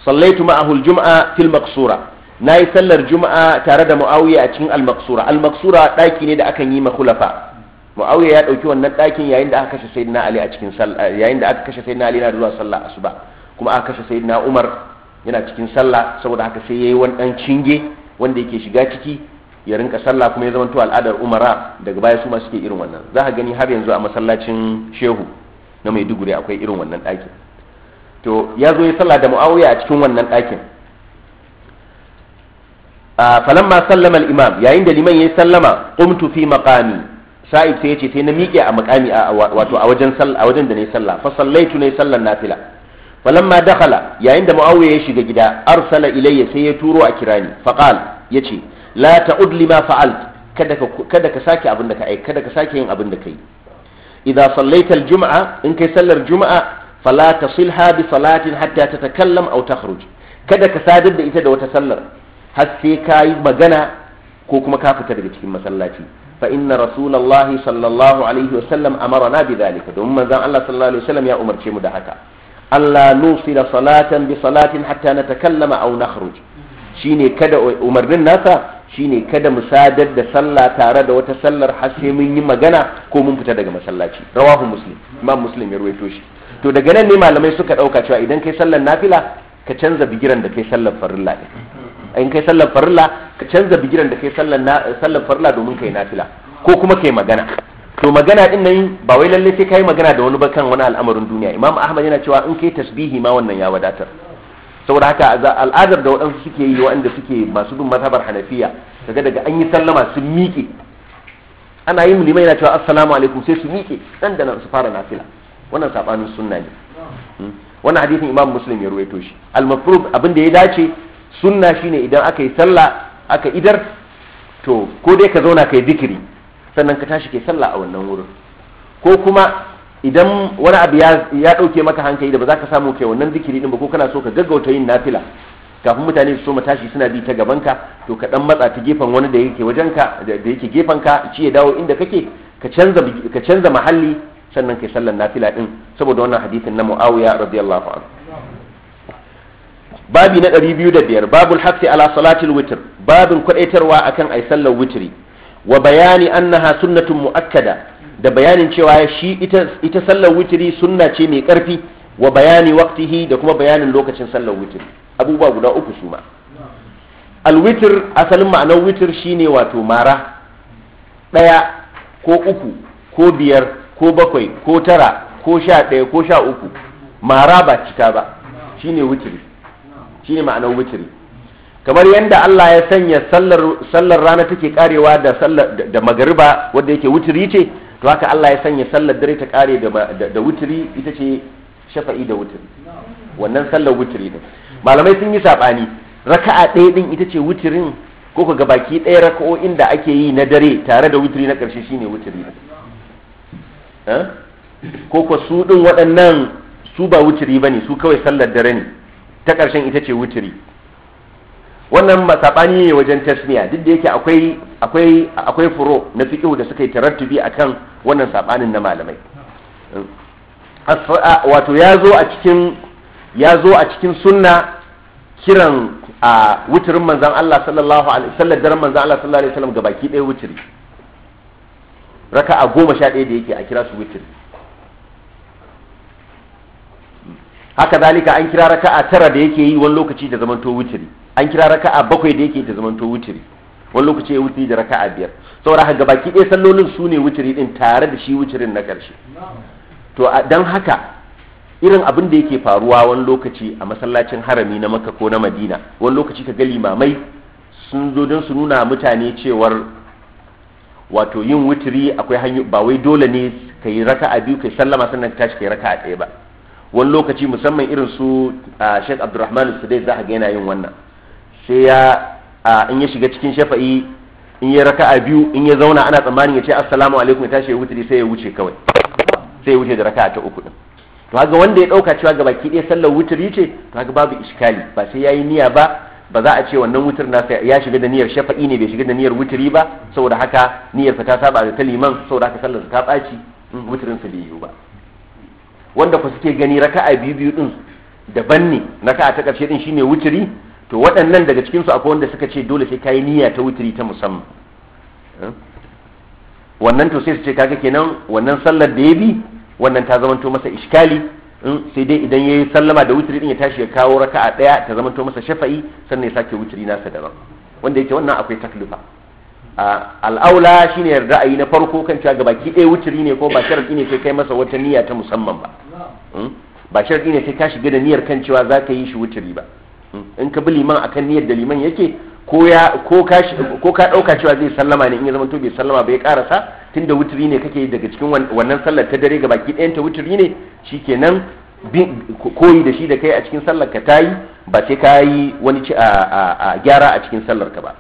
sallaitu ma'ahu al-jum'a fil maqsura nayi sallar juma'a tare da muawiya a cikin al-maqsura al-maqsura daki ne da akan yi makhulafa muawiya ya dauki wannan dakin yayin da aka kashe sayyidina ali a cikin sallah yayin da aka kashe sayyidina ali na zuwa sallah asuba kuma aka kashe sayyidina umar yana cikin sallah saboda haka sai yayi wani ɗan cinge wanda yake shiga ciki ya rinka sallah kuma ya zama to al'adar umara daga baya su ma suke irin wannan za ka gani har yanzu a masallacin shehu na maiduguri akwai irin wannan ɗakin to ya zo ya sallah da mu'awiya a cikin wannan ɗakin a falamma sallama al-imam yayin da liman yayi sallama qumtu fi maqami sa'id sai yace sai na miƙe a maqami a wato a wajen a wajen da ne sallah fa sallaitu ne sallan nafila falamma dakhala yayin da muawiya ya shiga gida arsala ilayya sai ya turo a kirani faqal yace la ta'ud lima fa'alt kada ka kada ka sake abin da ka ai kada ka sake yin abin da kai idza sallaita aljum'a in kai sallar juma'a fala tasilha bi salatin hatta tatakallam aw takhruj kada ka sadar da ita da wata sallar har sai ka yi magana ko kuma ka fita daga cikin masallaci fa inna rasulullahi sallallahu alaihi wasallam amarna bi dhalika domin manzon Allah sallallahu alaihi wasallam ya umarce mu da haka Allah da salatan bi salatin hatta na takallama au nakhruj shine kada umarnin nasa shine kada mu sadar da sallah tare da wata sallar har sai mun yi magana ko mun fita daga masallaci rawahu muslim imam muslim ya ruwaito shi to daga nan ne malamai suka dauka cewa idan kai sallar nafila ka canza bigiran da kai sallar farilla in kai sallar farilla ka canza bigiran da kai sallar sallar farilla domin kai nafila ko kuma kai magana to magana din nan ba wai lalle sai kai magana da wani ba kan wani al'amarin duniya imam ahmad yana cewa in kai tasbihi ma wannan ya wadatar saboda haka al'adar da waɗansu suke yi waɗanda suke masu bin mazhabar hanafiya daga daga an yi sallama sun miƙe ana yin limai yana cewa assalamu alaikum sai su miƙe dan da nan su fara nafila wannan sabanin sunna ne hmm. wannan hadisin imam muslim ya ruwaito shi al-mafrud abin da ya dace sunna shine idan aka yi sallah aka idar to ko dai ka zauna kai zikiri sannan ka tashi ke sallah a wannan wurin ko kuma idan wani abu ya ɗauke maka hankali da ba za ka samu kai wannan zikiri din ba ko kana so ka gaggauta yin nafila kafin mutane su so tashi suna bi ta gabanka to ka dan matsa ta gefen wani da yake wajenka da yake ka ci ya dawo inda kake ka canza ka canza mahalli sannan kai sallar nafila din saboda wannan hadisin na Muawiya radiyallahu anhu babi na 205 babul haqqi ala salatil witr babin kwadaitarwa akan ai sallar witri wa bayani annaha sunnatun muakkada da bayanin cewa shi ita sallar witri sunna ce mai karfi wa bayani waqtihi da kuma bayanin lokacin sallar witri abubuwa guda uku su ma asalin ma'anar witr shine wato mara ɗaya, ko uku ko biyar ko bakwai ko tara ko sha ɗaya ko sha uku mara ba cika ba shine witri shine ma'anar witri kamar yadda Allah ya sanya sallar rana take karewa da magariba wanda yake wuturi ce to haka Allah ya sanya sallar dare ta kare da wuturi ita ce shafa'i da wuturi wannan sallar wuturi ne malamai sun yi sabani raka'a ɗaya din ita ce wuturin ko ka baki ɗaya raka'o'in da ake yi na dare tare da wuturi na ƙarshe shine wuturi eh? ko ko su din waɗannan su ba wuturi bane su kawai sallar dare ne ta ƙarshen ita ce wuturi wannan sabani ne wajen tasmiya duk da yake akwai akwai akwai furo na fiqh da suka yi tarattubi akan wannan sabanin na malamai wato ya zo a cikin ya zo a cikin sunna kiran a wuturin manzon Allah sallallahu alaihi wasallam daren manzon Allah sallallahu alaihi wasallam gabaki ɗaya wuturi raka'a goma sha ɗaya da yake a kira su wuturi haka zalika an kira raka'a tara da yake yi wani lokaci da to wutiri an kira raka'a bakwai da yake da to wutiri wani lokaci ya wuturi da raka'a biyar saboda haka gabaki ɗaya sallolin su ne wutiri din tare da shi wutirin na ƙarshe to dan haka irin abin da yake faruwa wani lokaci a masallacin harami na makka ko na madina wani lokaci ka ga limamai sun zo don su nuna mutane cewar wato yin wutiri akwai hanyo ba wai dole ne ka yi raka'a biyu kai sallama sannan ka tashi kai raka'a ɗaya ba wani lokaci musamman irin su a Sheikh Abdulrahman Sudai za ga yana yin wannan sai ya in ya shiga cikin shafa'i in ya raka'a biyu in ya zauna ana tsammanin ya ce assalamu alaikum ya tashi ya wuce sai ya wuce kawai sai ya wuce da raka'a ta uku din to haka wanda ya dauka cewa gabaki ɗaya sallar wutar ce to haka babu iskali ba sai yayi niyya ba ba za a ce wannan wutar na ya shiga da niyyar shafa'i ne bai shiga da niyyar wuturi ba saboda haka niyyar ta saba da ta liman saboda haka sallar ta baci wutarin su bai yiwu ba wanda ku suke gani raka'a biyu biyu din daban ne raka'a ta karshe din shine wuturi to waɗannan daga cikin su akwai wanda suka ce dole sai kai niyya ta wuturi ta musamman eh? wannan to sai su ce kaga kenan wannan sallar da ya bi wannan ta zamanto masa iskali sai dai idan ya yi sallama da wuturi din ya tashi ya kawo raka'a ɗaya ta zamanto masa shafa'i sannan ya sake wuturi nasa daban wanda yake wannan akwai taklifa al'aula shine ra'ayi na farko kan cewa gabaki ɗaya wuturi ne ko ba sharadi ne sai kai masa wata niyya ta musamman ba Hmm? ba sharɗi ne sai ka shiga da niyyar kan cewa za ka yi shi wuturi ba hmm? in ka bi liman akan niyyar da liman yake ko ya ko ka ko ka dauka cewa zai sallama ne in ya zama to bai sallama bai karasa tunda wuturi ne kake daga cikin wannan sallar ta dare ga baki ɗayan ta wuturi ne shikenan koyi da shi da kai a cikin sallar ka tayi ba sai ka yi wani a gyara a cikin sallar ka ba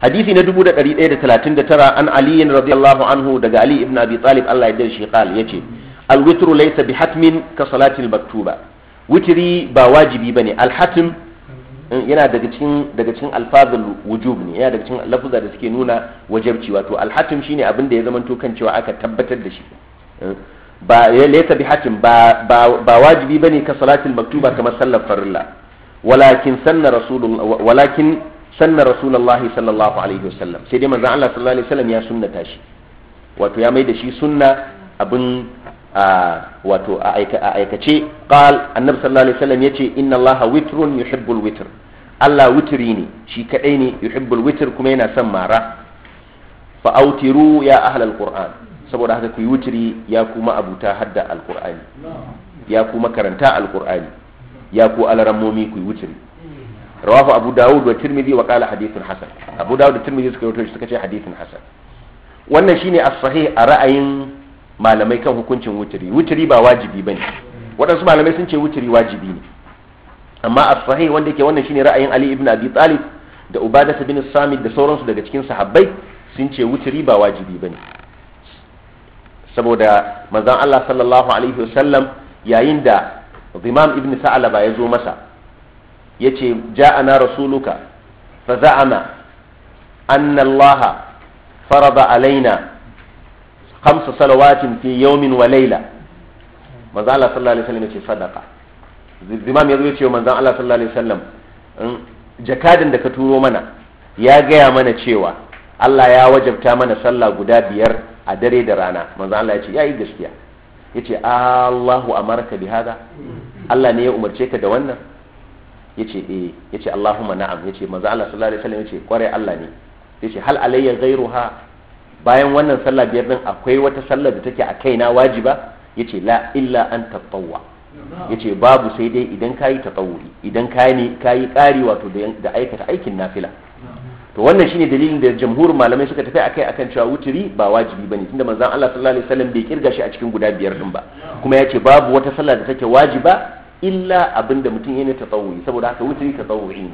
hadisi na 1139 an ali radiyallahu anhu daga ali ibn abi talib Allah ya shi qal yace al-witru laysa bihatmin ka salati al-maktuba witri ba wajibi bane al-hatm eh, yana daga cikin daga cikin alfazul wujub ne yana daga cikin lafuzza da suke nuna wajabci wato al-hatm shine abin da ya zamanto kan cewa aka tabbatar da shi eh, ba laysa hatm ba ba wajibi bane ka salati al-maktuba kamar sallar farilla walakin sanna rasulullah walakin sanna rasulullahi sallallahu alaihi wasallam sai dai manzon Allah sallallahu alaihi wasallam ya sunnata shi wato ya mai shi sunna abin wato a aikace qal annabi sallallahu alaihi wasallam yace inna allaha witrun yuhibbul witr Allah witri ne shi kadai ne yuhibbul witr kuma yana son mara fa autiru ya ahlal qur'an saboda haka ku yi witri ya kuma abuta hadda alqur'ani ya kuma karanta alqur'ani ya ku alarammomi ku yi witri rawahu abu dawud wa tirmidhi wa qala hadithun hasan abu dawud da tirmidhi suka rawaito shi suka ce hadithun hasan wannan shine as-sahih a ra'ayin malamai kan hukuncin wuturi wuturi ba wajibi bane waɗansu malamai sun ce wuturi wajibi ne amma as-sahih wanda yake wannan shine ra'ayin ali ibn abi talib da ubadatu bin samit da sauransu daga cikin sahabbai sun ce wuturi ba wajibi bane saboda manzon Allah sallallahu alaihi wasallam yayin da Imam ibn Sa'alaba ya zo masa yace ja'ana rasuluka fa za'ama anna Allah farada alaina khamsa salawatin fi yawmin wa layla manzo Allah sallallahu alaihi wasallam yace sadaqa zimam yazo yace manzo Allah sallallahu alaihi wasallam jakadin da ka turo mana ya gaya mana cewa Allah ya wajabta mana sallah guda biyar a dare da rana manzo Allah yace yayi gaskiya yace Allahu amarka bi hada Allah ne ya umarce ka da wannan yace eh yace Allahumma na'am yace manzo Allah sallallahu alaihi wasallam yace kware Allah ne yace hal alayya ghayruha bayan wannan sallah biyar din akwai wata sallah da take a kaina wajiba yace la illa an tatawwa yace babu sai dai idan kayi tatawuri idan kayi ne kayi kari wato da aikata aikin nafila to wannan shine dalilin da jamhur malamai suka tafi akai akan cewa wuturi ba wajibi bane tunda manzon Allah sallallahu alaihi wasallam bai kirga shi a cikin guda biyar din ba kuma yace babu wata sallah da take wajiba illa abin da mutum yana tatawuyi saboda haka wuturi tatawuyi ne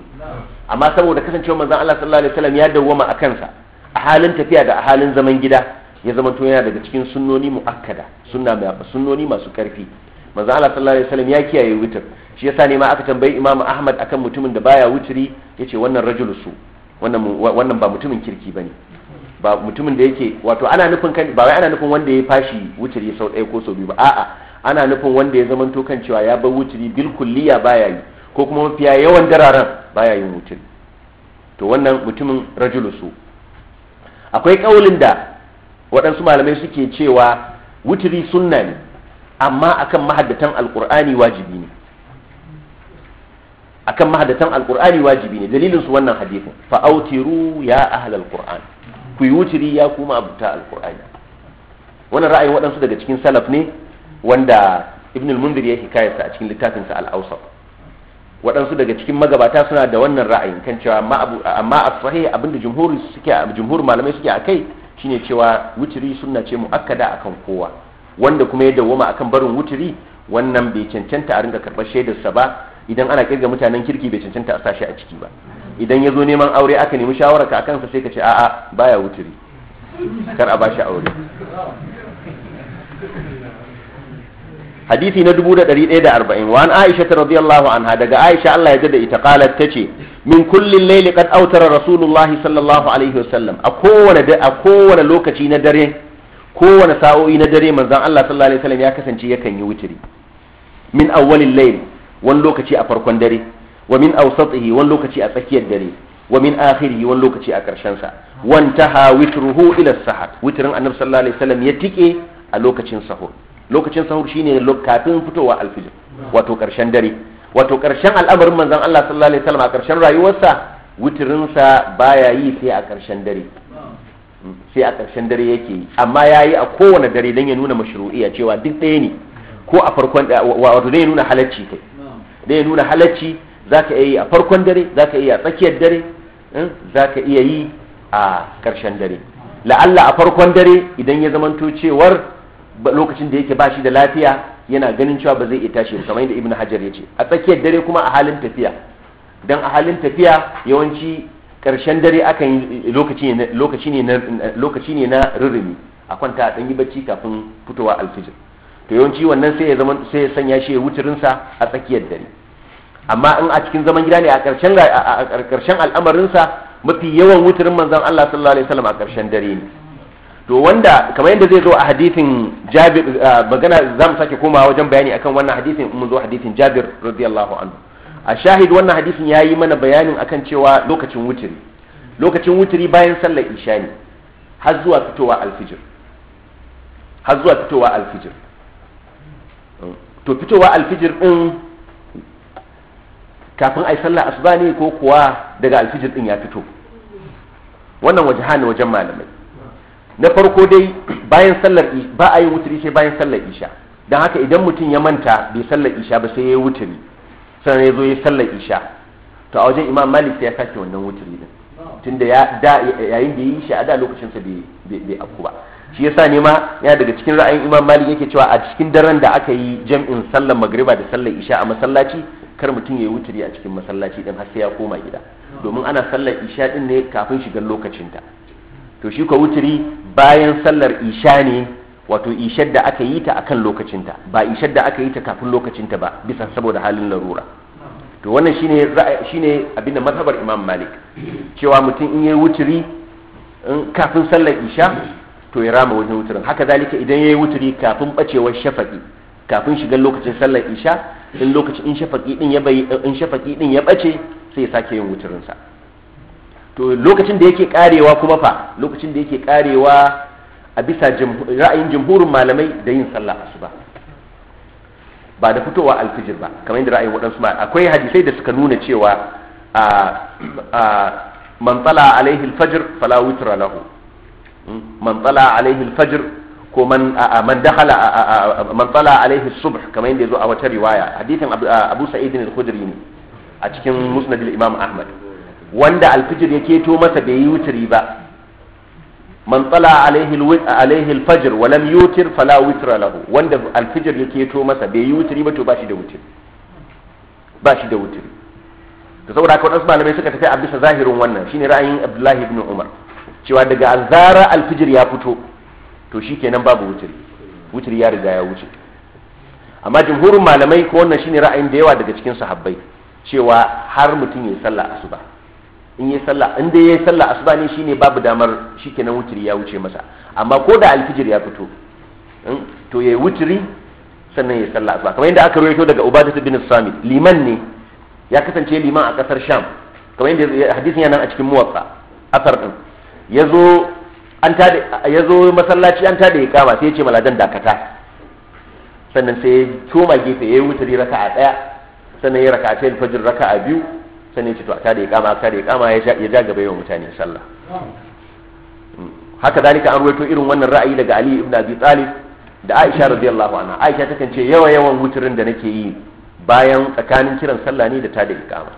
amma saboda kasancewa manzon Allah sallallahu alaihi wasallam ya dawwama a kansa a halin tafiya da a halin zaman gida ya zama to yana daga cikin sunnoni muakkada sunna mai sunnoni masu karfi manzon Allah sallallahu alaihi wasallam ya kiyaye wutur shi yasa ne ma aka tambayi Imam Ahmad akan mutumin da baya wuturi yace wannan rajulu su wannan wannan ba mutumin kirki bane ba mutumin da yake wato ana nufin ba wai ana nufin wanda ya fashi wuturi sau ɗaya ko sau biyu ba a'a ana nufin wanda ya zama kan cewa ya bar wuturi bil kulliya baya yi ko kuma mafiya yawan dararen baya yin wuturi to wannan mutumin rajulusu akwai kaulin da waɗansu malamai suke cewa wuturi sunna ne amma akan mahaddatan alqur'ani wajibi ne akan mahaddatan alqur'ani wajibi ne dalilin su wannan hadisin fa autiru ya ahlal alqur'an ku yi ya kuma abuta alqur'ani wannan ra'ayin waɗansu daga cikin salaf ne wanda ibn al mundhir ya hikayarsa a cikin sa al-awsat waɗansu daga cikin magabata suna da wannan ra'ayin kan cewa amma a sahi abinda jumhur suke jumhur malamai suke akai shine cewa wutiri sunna ce muakkada akan kowa wanda kuma ya dawoma akan barin wuturi wannan bai cancanta a ringa karɓar sa ba idan ana kirga mutanen kirki bai cancanta a sashi a ciki ba idan ya zo neman aure aka nemi shawararka akan sa sai ka ce a'a baya wutiri kar a bashi aure hadisi na dubu da da dari arba'in wa an aisha radiyallahu anha daga aisha Allah ya da ita ta ce min kullin layli qad awtara rasulullah sallallahu alaihi wasallam a kowane a kowane lokaci na dare kowane sa'o'i na dare manzon Allah sallallahu alaihi wa sallam ya kasance yakan yi wuturi min awwalil layl wani lokaci a farkon dare wa min awsatihi wani lokaci a tsakiyar dare wa min akhirihi wani lokaci a karshen sa wantaha witruhu ila sahar witrin annabi sallallahu alaihi wa sallam ya tike a lokacin sahur lokacin sahur shine kafin fitowa alfijir wato karshen dare wato karshen al'amarin manzon Allah sallallahu alaihi wasallam a karshen rayuwarsa sa baya yi sai a karshen dare hmm, sai a karshen dare yake yi amma yayi a kowane dare dan ya nuna mashru'iyya cewa duk ɗaya ne ko a farkon wato dai ya nuna halacci kai dai ya nuna halacci zaka iya yi a farkon dare zaka iya a tsakiyar dare hmm, zaka iya yi a karshen dare la'alla a farkon dare idan ya zamanto cewar lokacin da yake bashi da lafiya yana ganin cewa ba zai iya tashi ba kamar yadda ibnu hajar ya ce a tsakiyar dare kuma a halin tafiya dan a halin tafiya yawanci karshen dare akan lokaci ne lokaci ne na lokaci ne na rurumi a kwanta a dan yi bacci kafin fitowa alfijir to yawanci wannan sai ya zama sai ya sanya shi ya wuturin a tsakiyar dare amma in a cikin zaman gida ne a karshen a karshen al'amarin sa mafi yawan wuturin manzon Allah sallallahu alaihi wasallam a karshen dare ne to wanda kamar yadda zai zo a hadisin jabir magana za mu sake komawa wajen bayani akan wannan hadisin mun zo hadisin jabir radiyallahu anhu a shahid wannan hadisin ya yi mana bayanin akan cewa lokacin wutiri lokacin wutiri bayan sallar isha ne har zuwa fitowa alfijir har zuwa fitowa alfijir to fitowa alfijir din kafin ai sallar asuba ne ko kuwa daga alfijir din ya fito wannan wajahan wajen malamai na farko dai bayan sallar ba a yi wuturi sai bayan sallar isha don haka idan mutum ya manta bai sallar isha ba sai ya yi wuturi sannan ya zo ya sallar isha to a wajen imam malik sai ya sake wannan wuturi din tunda da yayin da ya yi shi a da lokacin sa bai afku ba shi yasa ne ma yana daga cikin ra'ayin imam malik yake cewa a cikin daren da aka yi jam'in sallar magriba da sallar isha a masallaci kar mutum ya yi wuturi a cikin masallaci din har sai ya koma gida domin ana sallar isha din ne kafin shigar lokacinta to shi ka wuturi bayan sallar isha ne wato ishar da aka yi ta akan lokacinta ba ishar da aka yi ta kafin lokacinta ba bisa saboda halin larura to wannan shine shine abinda mazhabar imam malik cewa mutum in yayi wuturi kafin sallar isha to ya rama wajen wuturin haka zalika idan yayi wuturi kafin bacewar shafaqi kafin shigar lokacin sallar isha in lokacin in shafaqi din ya bai in shafaqi din ya bace sai ya sake yin wuturinsa. sa to lokacin da yake karewa kuma fa lokacin da yake karewa a bisa ra'ayin jumhurin malamai da yin sallah asuba ba ba da fitowa alfijir ba kamar yadda ra'ayin waɗansu ma akwai hadisai da suka nuna cewa a man tsala alaihi alfajr fala witra lahu hmm? man tsala alaihi ko man man dakhala man tsala alaihi subh kamar yadda yazo a wata riwaya hadisin abu sa'id al-khudri ne a cikin musnad al-imam ahmad wanda alfijir ya keto masa bai yi wutiri ba man tsala alaihi alfajir wa lam yutir fala witra lahu wanda alfijir ya keto masa bai yi wutiri ba to ba shi da wutiri ba shi da wutiri to saboda haka wasu malamai suka tafi a bisa zahirin wannan shine ra'ayin abdullahi ibn umar cewa daga azara alfijir ya fito to shikenan babu wutiri wutiri ya riga ya wuce amma jumhurin malamai ko wannan shine ra'ayin da yawa daga cikin sahabbai cewa har mutum ya sallah asuba in yi sallah in dai yayi sallah asuba ne shine babu damar shikenan wutiri ya wuce masa amma ko da alfijir ya fito hmm, to yayi wutiri sannan yayi sallah asuba kamar yadda aka rawaito daga ubadatu bin Samit liman ne ya kasance liman a kasar Sham kamar yadda hadisin yana a cikin muwatta asar din yazo an tada yazo masallaci an tada kama sai ya ce maladan dakata sannan sai ya koma gefe yayi wutiri raka'a daya sannan yayi raka'a sai raka raka'a biyu sannan ce to a ya kama a ya kama ya ja gaba yawan mutane sallah mm. haka dalika an ruwaito irin wannan ra'ayi daga Ali ibn Abi Talib da Aisha radiyallahu anha Aisha ta ce yawa yawan wuturin da nake yi bayan tsakanin kiran sallah ne da ta da iqama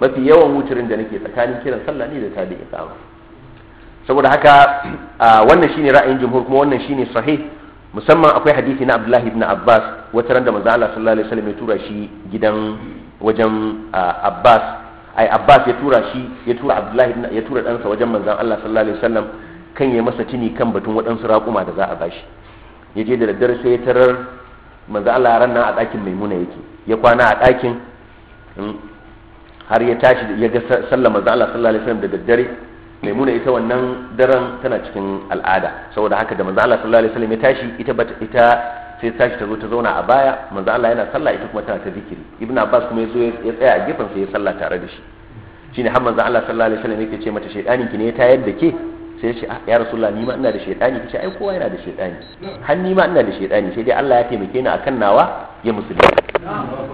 mafi yawan wuturin da nake tsakanin kiran sallah ne da ta da iqama saboda haka wannan shine ra'ayin jumhur kuma wannan shine sahih musamman akwai hadisi na Abdullahi ibn Abbas wata ran da manzo Allah sallallahu alaihi wasallam ya tura shi gidan wajen Abbas ai abbas ya tura shi ya tura abdullahi ya tura ɗansa wajen manzan allah sallallahu alaihi wasallam kan ya masa tuni kan batun waɗansu raƙuma da za a bashi ya je da daddare sai ya tarar manzan allah ran nan a ɗakin maimuna yake ya kwana a ɗakin hmm, har ya tashi ya ga sallar manzan allah sallallahu alaihi wasallam da daddare maimuna ita wannan daren tana cikin al'ada saboda haka da manzan allah sallallahu alaihi wasallam ya tashi ita ita sai sashi ta zo ta zauna a baya manzo Allah yana sallah ita kuma tana ta zikiri ibn abbas kuma yazo ya tsaya a gefen sa ya sallah tare da shi shine har manzo Allah sallallahu alaihi wasallam yake ce mata shedanin ki ne ta tayar da ke sai ya ce ah, ya rasulullah ni ma ina da shedani kace ai kowa yana da shedani har ni ma ina da shedani sai dai Allah ya taimake ni akan nawa ya musulmi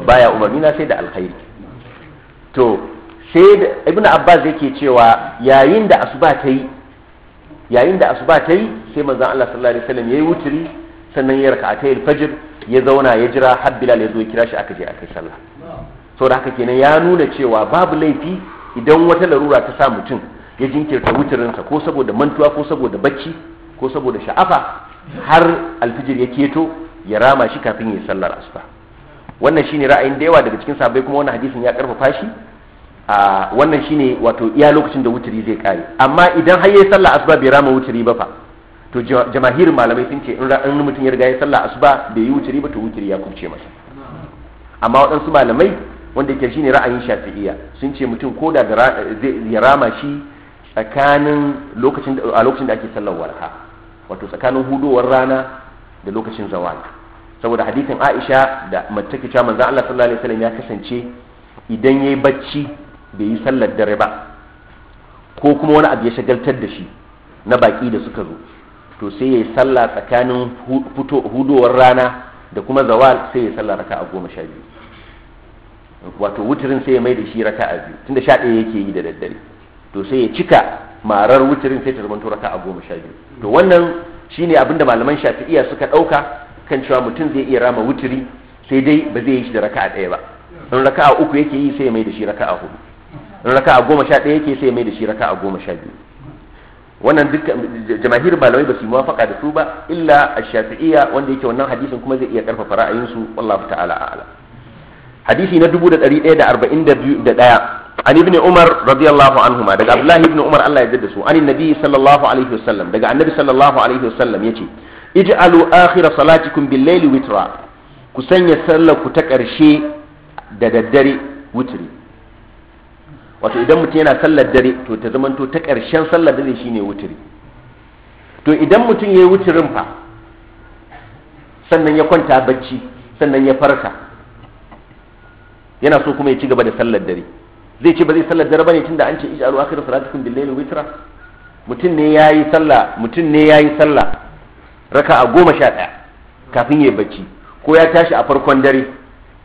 baya umarni na sai da alkhairi to sai ibn abbas yake cewa yayin da asuba ta yi yayin da asuba ta yi sai manzo Allah sallallahu alaihi wasallam yayi wuturi sannan ya raka ta fajir ya zauna ya jira har bilal ya zo ya kira shi aka je aka yi sallah da haka kenan ya nuna cewa babu laifi idan wata larura ta sa mutum ya jinkirta wutarinsa ko saboda mantuwa ko saboda bacci ko saboda sha'afa har alfijir ya keto ya rama shi kafin ya sallar asuba wannan shine ra'ayin da yawa daga cikin sabai kuma wannan hadisin ya karfafa shi a wannan shine wato iya lokacin da wuturi zai kare amma idan har yayi sallar asuba bai rama wuturi ba fa to jamahir malamai sun ce in mutum ya riga ya sallah asuba bai yi wuturi ba to wuturi ya kubce masa amma waɗansu malamai wanda yake shine ra'ayin shafi'iyya sun ce mutum ko da ya rama shi tsakanin lokacin a lokacin da ake sallar warha wato tsakanin hudowar rana da lokacin zawal saboda hadisin Aisha da mataki cewa Allah sallallahu alaihi wasallam ya kasance idan yayi bacci bai yi sallar dare ba ko kuma wani abu ya shagaltar da shi na baki da suka zo to sai yi sallah tsakanin hudowar rana da kuma zawal sai ya yi sallah a goma sha biyu wato wutirin sai ya mai da shi a biyu tunda sha ɗaya yake yi da daddare to sai ya cika marar wutirin sai ta zama a goma sha biyu to wannan shi ne abinda malaman shafi'iya suka ɗauka kan cewa mutum zai iya rama wutiri sai dai ba zai yi shi da raka a ɗaya ba in a uku yake yi sai ya mai da shi a hudu in a goma sha ɗaya yake sai ya mai da shi a goma sha biyu wannan dukkan jama'ir malamai ba su muwafaka da su ba illa ash-shafi'iyya wanda yake wannan hadisin kuma zai iya karfafa ra'ayin su wallahu ta'ala a'ala hadisi na 1141 an ibn umar radiyallahu anhuma daga abdullahi ibn umar Allah ya jadda su an nabi sallallahu alaihi wasallam daga annabi sallallahu alaihi wasallam yace ij'alu akhir salatikum bil-layli witra ku sanya sallar ku ta karshe da daddare witri wato idan mutum yana sallar dare to ta to ta ƙarshen sallar dare shine wuturi to idan mutum ya yi wuturin fa sannan ya kwanta bacci sannan ya farka yana so kuma ya ci gaba da sallar dare zai ce ba zai sallar dare bane tunda an ce ijaru akhiru salatukum bil layli witra mutum ne yayi sallah mutum ne yayi sallah raka'a goma sha ɗaya kafin ya bacci ko ya tashi a farkon dare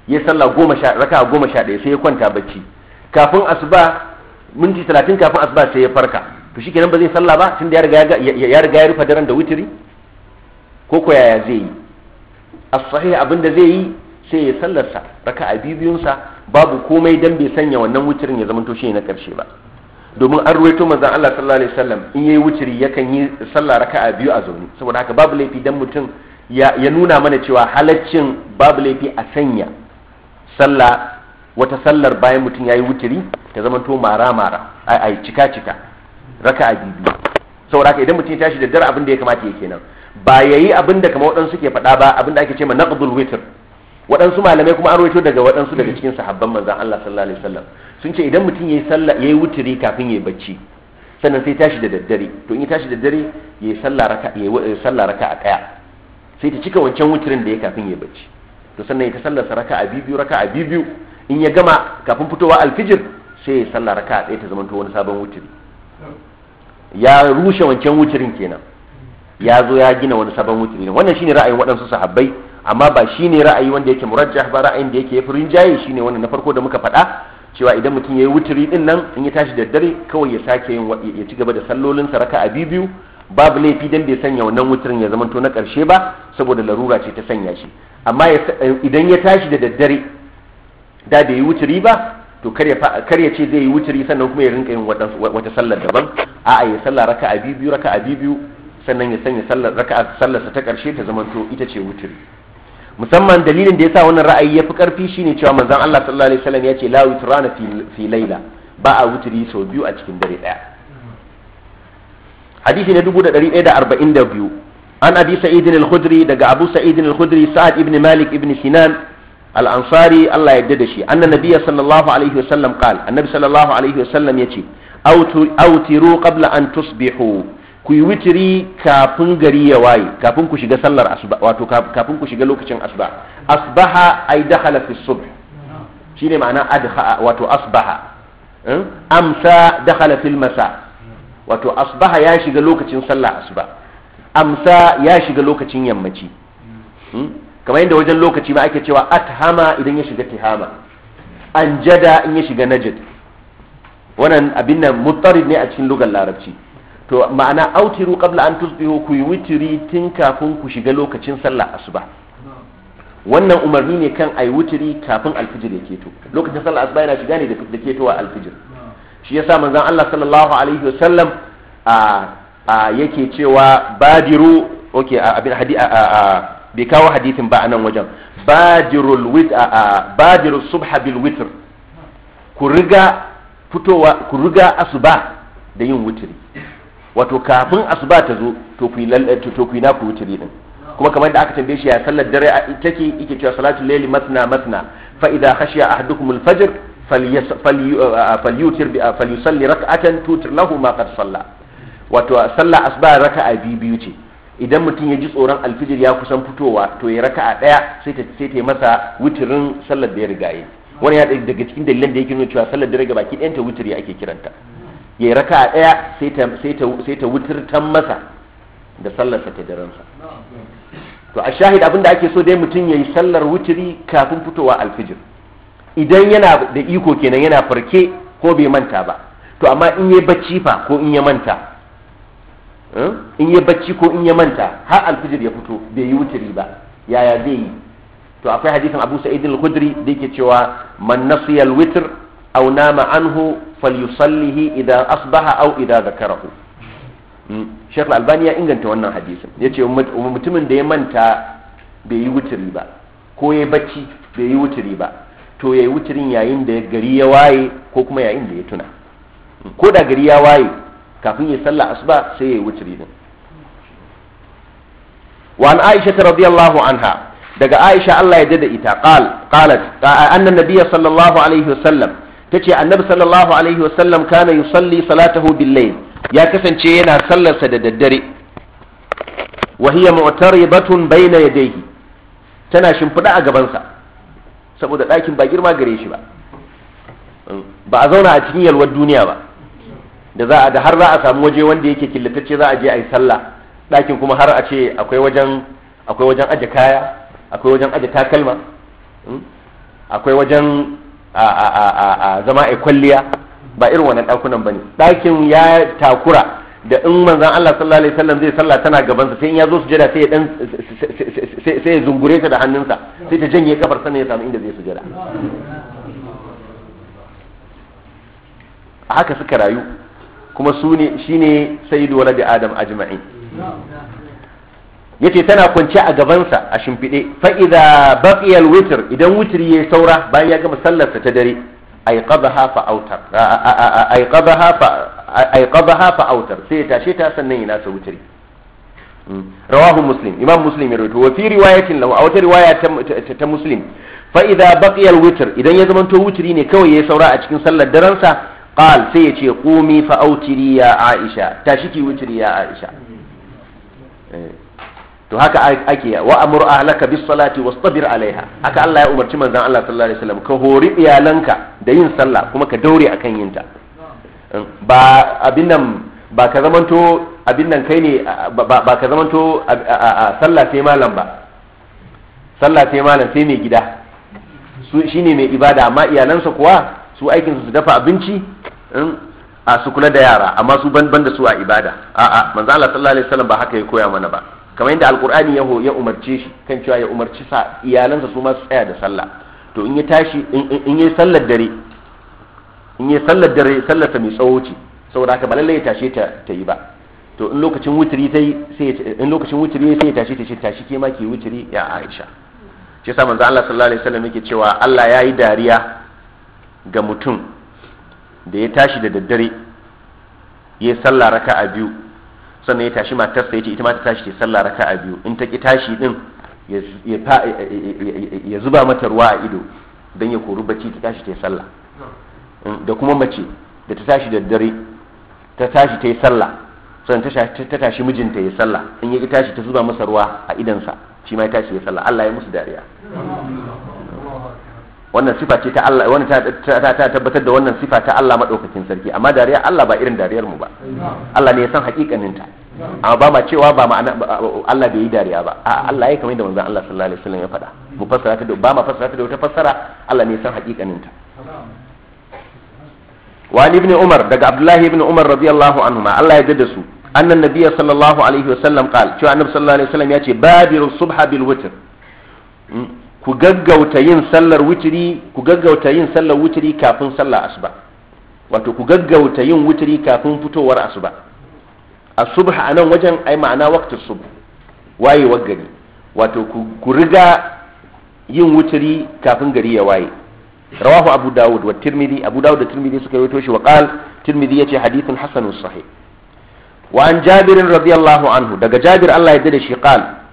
ya sallah goma sha raka'a goma sha ɗaya sai ya kwanta bacci kafin asuba minti talatin kafin asuba sai ya farka to shi kenan ba zai sallah ba tun da ya riga ya rufe daren da wuturi ko ko yaya zai yi a sahi abin da zai yi sai ya sallarsa raka a bibiyunsa babu komai dan bai sanya wannan wuturin ya zamanto shi na karshe ba domin an ruwaito manzon Allah sallallahu alaihi wasallam in yayi wuturi yakan yi sallah raka a biyu a zaune saboda haka babu laifi dan mutum ya nuna mana cewa halaccin babu laifi a sanya sallah wata sallar bayan mutum ya yi wuturi ta zama to mara-mara a yi cika-cika raka a bibi saboda haka idan mutum ya tashi da dare abin da ya kamata ya kenan ba ya yi abin da kamar waɗansu ke faɗa ba abin da ake ce ma naqdul witr waɗansu malamai kuma an rawaito daga waɗansu daga cikin sahabban manzon Allah sallallahu alaihi wasallam sun ce idan mutum ya yi sallah ya yi wuturi kafin ya yi bacci sannan sai tashi da daddare to in ya tashi da daddare ya yi sallah raka ya yi eh, sallah raka a ɗaya sai ta cika wancan wuturin da ya kafin ya yi bacci to sannan ya ta sallar raka a bibiyu raka a bibiyu in ya gama kafin fitowa alfijir sai ya sallah raka ɗaya ta zamanto wani sabon wutiri ya rushe wancan wutirin kenan ya zo ya gina wani sabon wutiri wannan shine ra'ayin waɗansu sahabbai amma ba shine ra'ayi wanda yake murajjah ba ra'ayin da yake firin jaye shine wannan na farko da muka faɗa cewa idan mutum ya yi wutiri din nan in ya tashi da dare kawai ya sake yin ya ci gaba da sallolin sa raka'a biyu biyu babu laifi dan bai sanya wannan wutirin ya zamanto na ƙarshe ba saboda larura ce ta sanya shi amma idan ya tashi da daddare da bai yi wuturi ba to kar ya ce zai yi wuturi sannan kuma ya rinka yin wata sallar daban a'a ya sallar raka a biyu raka a biyu sannan ya sanya sallar raka sallarsa ta karshe ta zamanto ita ce wuturi musamman dalilin da ya sa wannan ra'ayi ya fi karfi shine cewa manzon Allah sallallahu alaihi wasallam ya ce la witrana fi laila ba a wuturi sau biyu a cikin dare daya hadisi na dubu da 1142 an abi sa'id al-khudri daga abu sa'id al-khudri sa'ad ibn malik ibn sinan al Allah ya yarda da shi anna nabiyya sallallahu alaihi wasallam qala annabi sallallahu alaihi wasallam yace autiru qabla an tusbihu ku yi witiri kafin gari ya waye kafin ku shiga sallar asuba wato kafin ku shiga lokacin asuba asbaha ay dakhala fi subh shine ma'ana adkha wato asbaha hmm? amsa dakhala fil masa wato asbaha ya shiga lokacin sallar asuba amsa ya shiga lokacin yammaci hmm? kamar yadda wajen lokaci ma ake cewa athama idan ya shiga tihama anjada in ya shiga najid wannan abin nan mutarid ne a cikin lugar larabci to ma'ana autiru qabla an tusbihu ku witiri tun kafin ku shiga lokacin sallah asuba wannan umarni ne kan ai wutiri kafin alfijir ya keto lokacin sallah asuba yana shiga ne da ketowa alfijir shi yasa manzon Allah sallallahu alaihi wasallam a yake cewa badiru okay abin hadi a bai kawo hadithin ba a nan wajen badirul subha bil witr ku riga fitowa ku riga asuba da yin witri wato kafin asuba ta zo to ku to ku na ku witri din kuma kamar da aka tambaye shi ya sallar dare take yake cewa salatul layli matna matna fa idha khashiya ahadukum al fajr falyutir falyusalli rak'atan tutir lahu ma qad salla wato sallah asuba raka'a biyu biyu ce idan mutum ya ji tsoron alfijir ya kusan fitowa to ya raka a ɗaya sai ta sai ta masa wuturin sallar da ya riga yi wani ya daga cikin dalilan da yake nuna cewa sallar da riga baki ɗayanta wutiri ake kiranta ya raka ɗaya sai ta sai ta sai ta masa da sallar sa ta daren sa to a shahid abin da ake so dai mutum ya yi sallar wutiri kafin fitowa alfijir idan yana da iko kenan yana farke ko bai manta ba to amma in yayi bacci fa ko in ya manta Eh? in ya bacci ko in ya manta har alfijir ya fito bai yi wuturi ba yaya zai yi to akwai hadisin Abu Sa'id al-Khudri da yake cewa man nasiya al-witr aw nama anhu falyusallihi idan asbaha aw idan zakarahu hmm. Sheikh albani ya inganta wannan hadisin ce mutumin da ya manta bai yi wuturi ba ko ya bacci bai yi wuturi ba to ya yi wuturin yayin da gari ya waye ko kuma yayin da ya tuna hmm. ko da gari ya waye kafin ya sallah asuba sai ya wuce din wa an aisha ta radiyallahu anha daga aisha Allah ya dada ita qal qalat anna nabiyya sallallahu alaihi wasallam tace annabi sallallahu alaihi wasallam kana yusalli salatahu bil layl ya kasance yana sallarsa da daddare wa hiya mu'taribatun bayna yadayhi tana shimfida a gabansa saboda dakin ba girma gare shi ba ba a zauna a cikin yalwar duniya ba da za a da har za a samu waje wanda yake killatacce za a je a yi sallah ɗakin kuma har a ce akwai wajen akwai wajen aje kaya akwai wajen aje takalma hmm? akwai wajen a zama a kwalliya ba irin wannan dakunan ba ne ɗakin ya takura da in manzan Allah sallallahu alaihi wasallam zai sallah tana gaban sa sai in ya zo sujada sai ya dan sai ya zungure ta da hannunsa sai ta janye kafar ne ya samu inda zai sujada a haka suka rayu kuma su ne shine sayyidu waladi adam ajma'in yace tana kwance a gabansa a shimfiɗe fa idza baqiya witr idan witri ya saura bayan ya gama sallarsa ta dare ayqadha fa autar ayqadha autar sai ya tashe ta sannan yana sa witri mm. rawahu muslim imam muslim ya rawaito wa fi riwayatin lahu a wata riwaya ta muslim fa idza baqiya witr idan ya zama to witri ne kawai ya saura a cikin sallar daransa qal sai ya ce qumi fa autiri ya aisha tashi ki wutiri ya aisha to haka ake wa amur ahlaka bis salati wastabir alaiha haka Allah ya umarci manzon Allah sallallahu alaihi ka hori iyalanka da yin sallah kuma ka daure akan yinta. ta ba ka zamanto abin nan ne ba ka zamanto sai malam ba sallah sai mai gida shi ne mai ibada amma iyalansa kuwa su aikin su dafa abinci a su kula da yara amma su ban da su a ibada a'a manzo Allah sallallahu alaihi wasallam ba haka ya koya mana ba kamar yadda alqur'ani ya ya umarce shi kan cewa ya umarci sa iyalansa su ma su tsaya da sallah to in ya tashi in ya sallar dare in ya sallar dare sallar ta mai tsawo ce saboda haka ba lallai ya tashe ta ta yi ba to in lokacin wutiri ta yi sai in lokacin wutiri sai ya tashe ta ce tashi ke ma ke wutiri ya Aisha shi yasa manzo Allah sallallahu alaihi wasallam yake cewa Allah ya yi dariya ga mutum da ya tashi da daddare ya sallah raka a biyu sannan ya tashi matarsa ya ce ita ma ta tashi ta sallah raka a biyu in ta ki tashi din ya zuba mata ruwa a ido don ya kori bacci ta tashi ta yi sallah mm, da kuma mace da ta tashi da daddare ta tashi ta yi sallah sannan ta tashi mijinta ya sallah in ya tashi ta zuba masa ruwa a idansa shi ma ya tashi ya sallah Allah ya musu dariya wannan sifa ce ta Allah wannan ta ta tabbatar da wannan sifa ta Allah madaukakin sarki amma dariya Allah ba irin dariyar mu ba Allah ne ya san hakikanin ta amma ba ma cewa ba ma'ana Allah bai yi dariya ba a Allah ya kamar da manzon Allah sallallahu alaihi wasallam ya faɗa mu fassara ta da ba ma fassara ta da wata fassara Allah ne ya san hakikanin ta wa ibn Umar daga Abdullahi ibn Umar radiyallahu anhuma Allah ya jaddada su أن النبي صلى الله عليه وسلم قال شو النبي صلى الله ya ce يأتي subha bil بالوتر ku gaggauta yin sallar wuturi ku gaggauta yin sallar wutiri kafin sallar asuba wato ku gaggauta yin wuturi kafin fitowar asuba asubha a nan wajen ai ma'ana waqtus subh waye gari wato ku riga yin wuturi kafin gari ya waye rawahu abu dawud wa tirmidhi abu dawud da tirmidhi suka yi shi wa qal tirmidhi yace hadithun hasanun sahih wa an jabir radiyallahu anhu daga jabir Allah ya da shi qal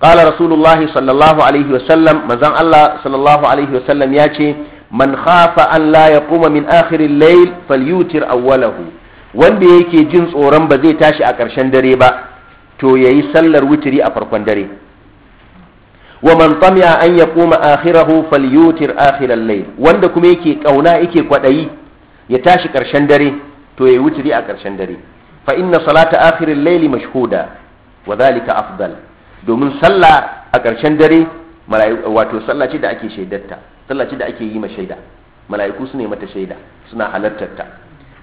qala rasulullahi sallallahu alaihi wasallam manzon Allah ya ce man khafa Allah ya yaquma min akhir al-layl falyutir awwalahu wanda yake jin tsoron ba zai tashi a ƙarshen dare ba to yayi sallar witiri a farkon dare wa man tamiya an yaquma akhirahu falyutir akhir layl wanda kuma yake kauna yake kwadayi ya tashi ƙarshen dare to yayi witiri a ƙarshen dare fa inna salata akhir al-layl mashhuda wa dhalika afdal domin sallah a ƙarshen dare wato sallah ce da ake shaidarta sallah ce da ake yi ma shaida mala'iku su ne mata shaida suna halartar ta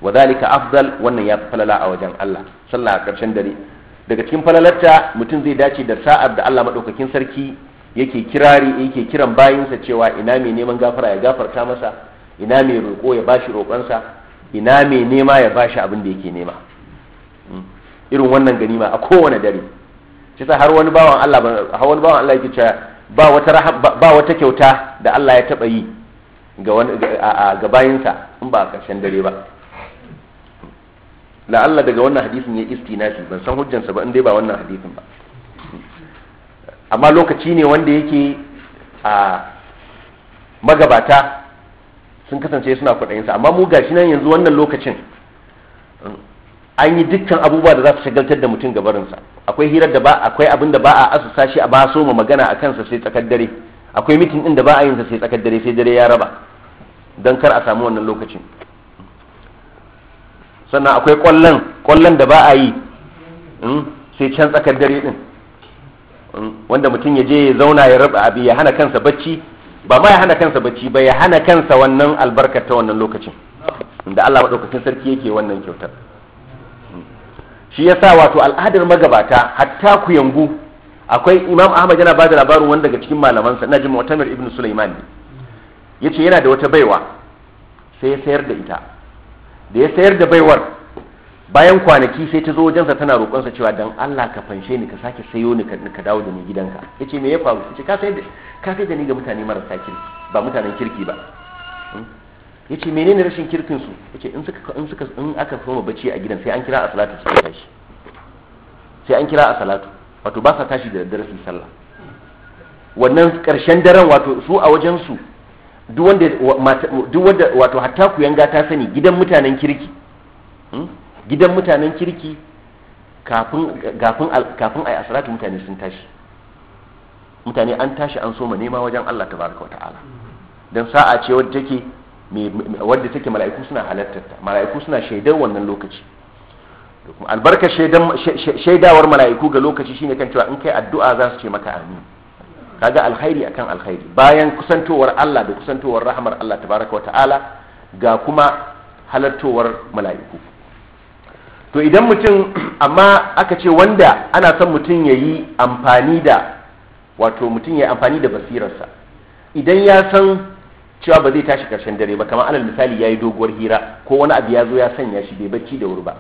wa zalika afdal wannan ya falala a wajen Allah sallah a ƙarshen dare daga cikin falalarta mutum zai dace da sa'ar da Allah madaukakin sarki yake kirari yake kiran bayinsa cewa ina mai neman gafara ya gafarta masa ina mai roƙo ya bashi roƙonsa ina mai nema ya bashi abin da yake nema hmm. irin wannan ganima a kowane dare shi ta har wani bawan Allah har wani bawan Allah yake cewa ba wata ba wata kyauta da Allah ya taba yi ga wani a gabayinsa in ba a karshen dare ba Allah daga wannan hadisin ya istinafi ban san hujjansa ba in dai ba wannan hadisin ba amma lokaci ne wanda yake a magabata sun kasance suna kwaɗayinsa amma mu gashi nan yanzu wannan lokacin an yi dukkan abubuwa da za su shagaltar da mutum gabarinsa akwai hirar da ba akwai abin da ba a asusa shi a ba so ma magana a kansa sai tsakar dare akwai mitin din da ba a yin sa sai tsakar dare sai dare ya raba don kar a samu wannan lokacin sannan akwai kwallon kwallon da ba a yi hmm, sai can tsakar dare din hmm, wanda mutum ya je ya zauna ya raba abi ya hana kansa bacci ba ma ya hana kansa bacci ba ya hana kansa wannan albarkar ta wannan lokacin da Allah maɗaukakin sarki yake wannan kyautar shi ya sa wato al'adar magabata hatta ku yangu akwai imam ahmad yana bada labarin wani daga cikin malamansa na jin mu'tamir ibn sulaiman ne yace yana da wata baiwa sai ya sayar da ita da ya sayar da baiwar bayan kwanaki sai ta zo wajensa tana roƙonsa cewa dan Allah ka fanshe ni ka sake sayo ni ka dawo da ni gidanka yace me ya faru ka sayar da ni ga mutane marasa kirki ba mutanen kirki ba yace menene rashin kirkin su yace in suka in suka in aka soma bacci a gidan sai an kira a salatu su tashi sai an kira a salatu wato ba sa tashi da daddare sallah wannan karshen daren wato su a wajen su duk wanda duk wanda wato hatta ku yanga ta sani gidan mutanen kirki hmm? gidan mutanen kirki kafin kafin kafin ayi asalatu mutane sun tashi mutane an tashi an soma nema wajen Allah tabaraka wa ta'ala dan sa'a ce wadda take wadda take mala'iku suna halartar ta mala'iku suna shaidar wannan lokaci albarkar shaidawar mala'iku ga lokaci shine kan cewa in kai addu'a za su ce maka amin kaga alkhairi akan alkhairi bayan kusantowar Allah da kusantowar rahmar Allah tabaraka wa ta'ala ga kuma halartowar mala'iku to idan mutum amma aka ce wanda ana son mutum ya yi amfani da wato mutum ya yi amfani da basirarsa idan ya san cewa ba zai tashi karshen dare ba kamar alal misali ya yi doguwar hira ko wani abu ya zo ya sanya shi bai bacci da wuri ba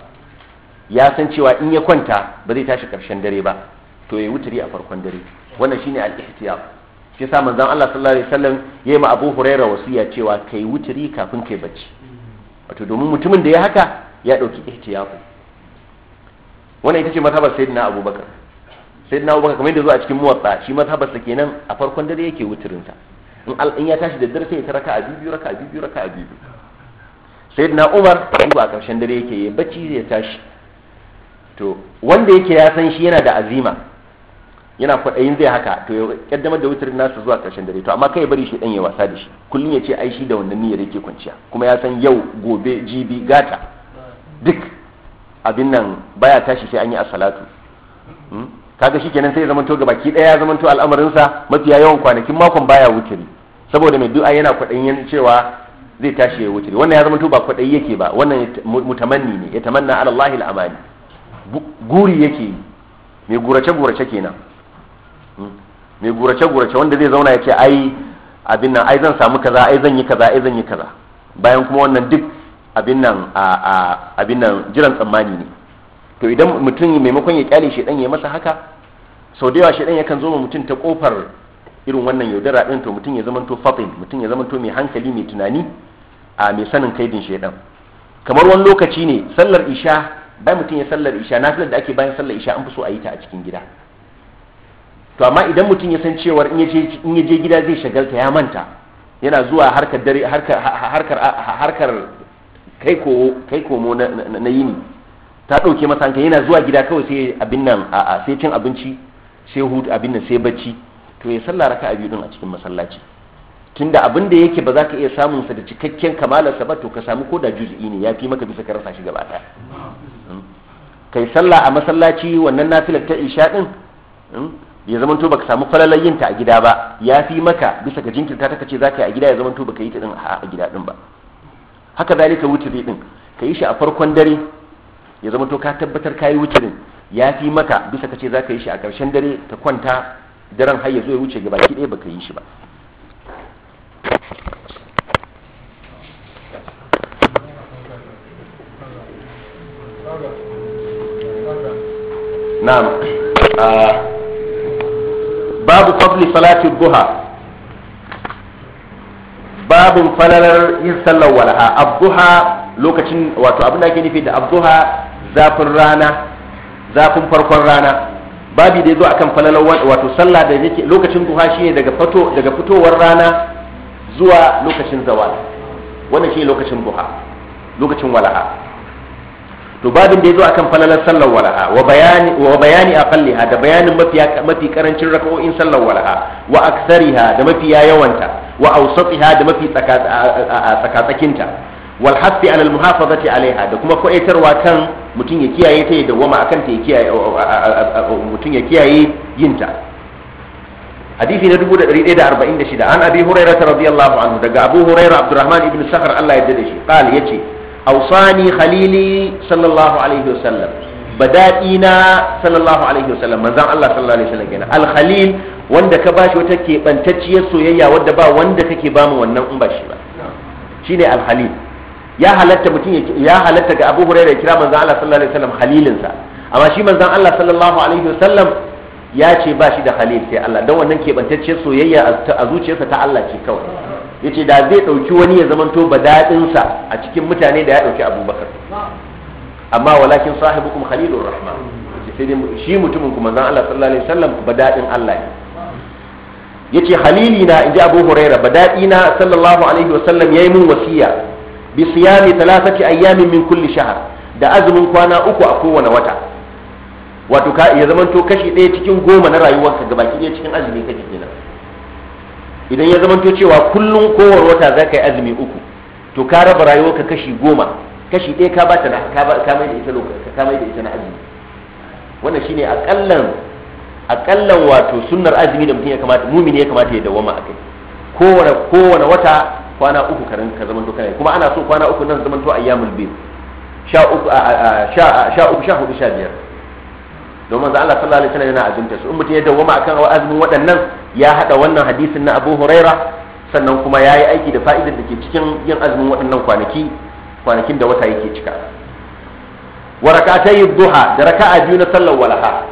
ya san cewa in ya kwanta ba zai tashi karshen dare ba to ya wuturi a farkon dare wannan shine al-ihtiyar shi yasa manzon Allah sallallahu alaihi wasallam ya yi ma Abu Huraira wasiya cewa kai wuturi kafin kai bacci wato domin mutumin da ya haka ya dauki ihtiyar wannan ita ce mazhabar sayyidina Abubakar sayyidina Abubakar kamar yadda zo a cikin muwatta shi mazhabar sa kenan a farkon dare yake wuturinsa sa in ya tashi da dare sai ta raka a biyu raka a biyu raka a biyu sai na umar ba a karshen dare yake yi bacci zai tashi to wanda yake ya san shi yana da azima yana kwaɗayin zai haka to ya kaddamar da wutar nasu zuwa karshen dare to amma kai bari shi dan ya wasa da shi kullum ya ce ai shi da wannan niyyar yake kwanciya kuma ya san yau gobe jibi gata duk abin nan baya tashi sai an yi asalatu hmm? kaga shikenan sai ya zamanto gabaki daya ya zamanto sa mafiya yawan kwanakin makon baya wuturi saboda mai du'a yana kwaɗayin cewa zai tashi ya wuce wannan ya zama to ba kwaɗayi yake ba wannan mutamanni ne ya tamanna ala Allahil amani guri yake mai gurace gurace kenan hmm. mai gurace gurace wanda zai zauna ya ce ai abin nan ai zan samu kaza ai zan yi kaza ai zan yi kaza bayan kuma wannan duk abin nan a abin nan jiran tsammani ne to idan mutum maimakon ya kyale shedan ya masa haka sau da yawa shedan yakan zo ma mutum ta kofar irin wannan yaudara ɗin to mutum ya to fatin mutum ya to mai hankali mai tunani a mai sanin kaidin shaidan kamar wani lokaci ne sallar isha bai mutum ya sallar isha nafilar da ake bayan sallar isha an fi so a yi ta a cikin gida to amma idan mutum ya san cewar in ya je gida zai shagalta ya manta yana zuwa harkar dare harkar harkar kai ko kai komo na yini ta dauke masa hankali yana zuwa gida kawai sai abin nan sai cin abinci sai hutu abin nan sai bacci to ya sallah raka'a biyu din a cikin masallaci tunda abin da yake ba za ka iya samun sa da cikakken kamalar sa ba to ka samu koda da juz'i ne ya fi maka bisa ka rasa shi gaba ta hmm. kai sallah a masallaci wannan nafilar ta isha din hmm, ya to baka samu falalar yin ta a gida ba ya fi maka bisa ka jinkirta ta kace za ka yi a gida ya to baka yi ta din a gida din ba haka zalika wutiri din ka yi shi a farkon dare ya to ka tabbatar ka yi din ya fi maka bisa ka ce za ka yi shi a ƙarshen dare ta kwanta daren har ya zo ya wuce gaba ki ɗaya baka yi shi ba ah, babu fadli salatin duha babin falalar yin sallar walaha abduha lokacin wato abin da ake nufi da abduha zafin rana zafin farkon rana babi da ya zo a kan falalar wato sallah da yake lokacin duha shine daga fito daga fitowar rana zuwa lokacin zawal wannan shine lokacin duha lokacin wala'a to babin da ya zo a kan falalar sallar wala'a wa bayani wa bayani aqalliha da bayanin mafi mafi karancin raka'o'in sallar wala'a wa aksariha da mafi yawanta wa awsatiha da mafi tsaka tsakakinta wal hafi alal muhafazati alaiha da kuma kwaitarwa kan mutum ya kiyaye ta ya dawwama akan ta ya kiyaye mutum ya kiyaye yin ta hadisi na 1146 an abi hurairah radiyallahu anhu daga abu hurairah abdurrahman ibn sakhar Allah ya dade shi qal yace awsani khalili sallallahu alaihi wasallam bada'ina sallallahu alaihi wasallam manzan Allah sallallahu alaihi wasallam kenan al khalil wanda ka bashi wata kebantacciyar soyayya wadda ba wanda kake ba mu wannan in ba shi ba shine al khalil ya halatta mutum ya halatta ga Abu Hurairah ya kira manzon Allah sallallahu alaihi wasallam halilinsa amma shi manzon Allah sallallahu alaihi wasallam ya ce ba shi da halil sai Allah dan wannan keɓantacce soyayya a zuciyarsa ta Allah ce kawai yace da zai ɗauki wani ya zamanto ba daɗinsa a cikin mutane da ya ɗauki Abubakar amma walakin sahibukum khalilur rahman sai dai shi mutumin kuma zan Allah sallallahu alaihi wasallam daɗin Allah ya ce halili na inji Abu Hurairah badadi na sallallahu alaihi wasallam yi min wasiya bi siyami thalathati ayyamin min kulli shahr da azumin kwana uku a kowane wata wato ka ya zamanto kashi ɗaya cikin goma na rayuwarka gaba ɗaya cikin azumi kake kenan idan ya zamanto cewa kullum kowane wata za ka yi azumi uku to ka raba rayuwarka kashi goma kashi ɗaya ka bata na ka mai da ita ka mai da ita na azumi wannan shine akallan akallan wato sunnar azumi da mutum ya kamata mumini ya kamata ya dawama akai kowane kowane wata kwana uku karin ka zama to kana kuma ana so kwana uku nan zama to ayyamul bayt sha uku sha uku sha hudu sha biyar don manzo Allah sallallahu alaihi wasallam yana azumta su in mutum ya dawwama akan azumin waɗannan ya hada wannan hadisin na Abu Huraira sannan kuma yayi aiki da fa'idar da ke cikin yin azumin waɗannan kwanaki kwanakin da wata yake cika wa rak'atayi duha da raka'a biyu na sallar walaha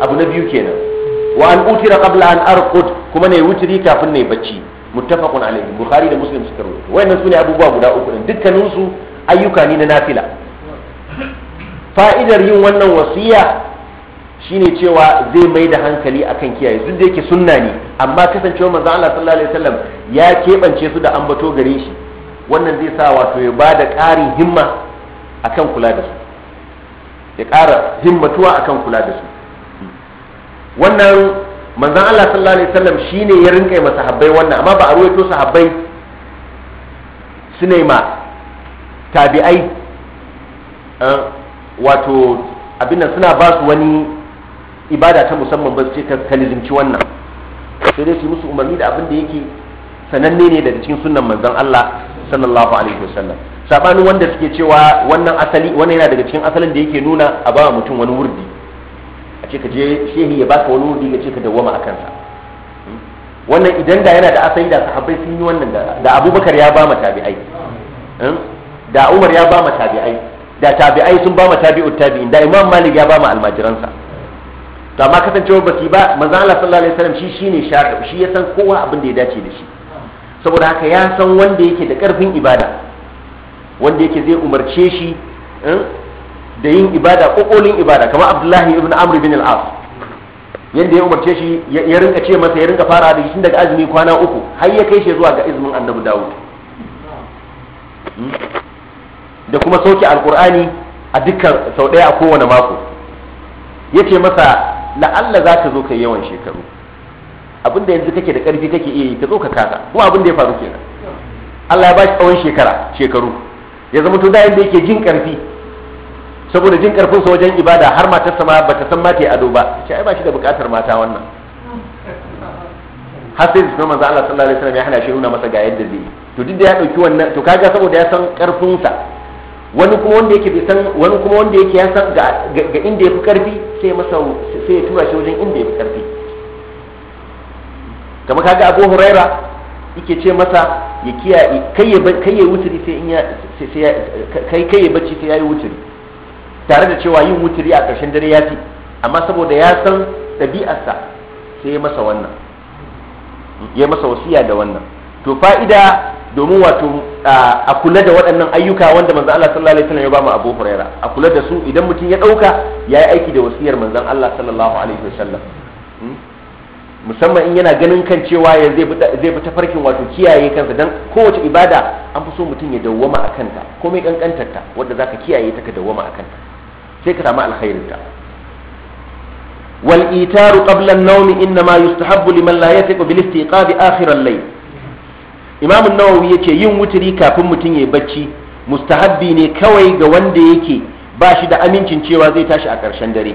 abu na biyu kenan wa an utira qabla an arqud kuma ne wutiri kafin ne bacci muttafaqun alayhi bukhari da muslim suka rubuta wayannan sune abubuwa guda uku din dukkanin su ayyuka ne na nafila fa'idar yin wannan wasiya shine cewa zai mai da hankali akan kiyaye duk da yake sunna ne amma kasancewar manzon Allah sallallahu alaihi wasallam ya keɓance su da ambato gare shi wannan zai sa wato ya bada ƙarin himma akan kula da su ya ƙara himmatuwa akan kula da su wannan Manzan Allah sallallahu alaihi wasallam shine ya rinka masa habbai wannan amma ba a ruwaito sahabbai su ma tabi'ai eh, wato abin nan suna ba su wani ibada ta musamman ba su ce ka lizimci wannan sai dai su musu umarni da abin da yake sananne ne daga cikin sunnan manzan Allah sallallahu alaihi wasallam sabanin wanda suke cewa wannan asali wannan yana daga cikin asalin da yake nuna a ba mutum wani wurdi ce ka je shehi ya baka wani wuri ya ce ka dawwama a kansa wannan idan da yana da asali da sahabbai sun yi wannan da abubakar ya ba tabi'ai hmm? da umar ya ba tabi'ai da tabi'ai sun ba tabiu tabi'ut tabi'in da imam malik ya ba ma almajiransa to amma kasancewar baki ba manzo Allah sallallahu alaihi wasallam shi shine shaka shi ya san kowa abin da ya dace da shi saboda haka ya san wanda yake da karfin ibada wanda yake zai umarce shi hmm? da yin ibada kolin ibada kamar abdullahi ibn amr bin al-as yanda ya umarce shi ya rinka ce masa ya rinka fara da shi daga azumi kwana uku har ya kai shi zuwa ga izinin annabi dawud hmm? da kuma sauke alqur'ani a dukkan sau daya a kowane mako ya ce masa la'alla za ka zo ka yawan shekaru abin da yanzu kake da karfi kake iya yi ka zo ka kasa kuma abin da ya faru kenan Allah ya ba shi tsawon shekara shekaru ya zama to da yanda yake jin karfi saboda jin karfin sa wajen ibada har matarsa ma bata san ma ado ba ce ai ba shi da bukatar mata wannan har sai sunan manzo Allah sallallahu alaihi wasallam ya hana shi nuna masa ga yadda zai to duk da ya dauki wannan to kaga saboda ya san karfin sa wani kuma wanda yake bai san wani kuma wanda yake ya san ga inda yafi karfi sai masa sai ya tura shi wajen inda yafi karfi kamar kaga Abu Huraira yake ce masa ya kiyaye kai ya kai ya wuturi sai in ya sai kai kai ya bacci sai yayi wuturi tare da cewa yin wuturi a ƙarshen dare ya fi amma saboda ya san ɗabi'arsa sai ya masa wannan ya masa wasiya da wannan to fa'ida domin wato a kula da waɗannan ayyuka wanda manzon Allah sallallahu alaihi wasallam ya ba mu Abu Huraira a kula da su idan mutum ya ɗauka ya yi aiki da wasiyar manzon Allah sallallahu alaihi wasallam hmm? musamman in yana ganin kan cewa ya zai bi farkin wato kiyaye kansa dan kowace ibada an fi so mutum ya dawwama a kanta komai kankantar ta wanda zaka kiyaye ta ka dawwama a kanta sai ka samu ta wal itaru qabla an-nawmi inna ma yustahabbu liman la yatiqu bil istiqabi akhir al-layl imam an-nawawi yace yin wuturi kafin mutun yayi bacci mustahabbi ne kawai ga wanda yake ba shi da amincin cewa zai tashi a ƙarshen dare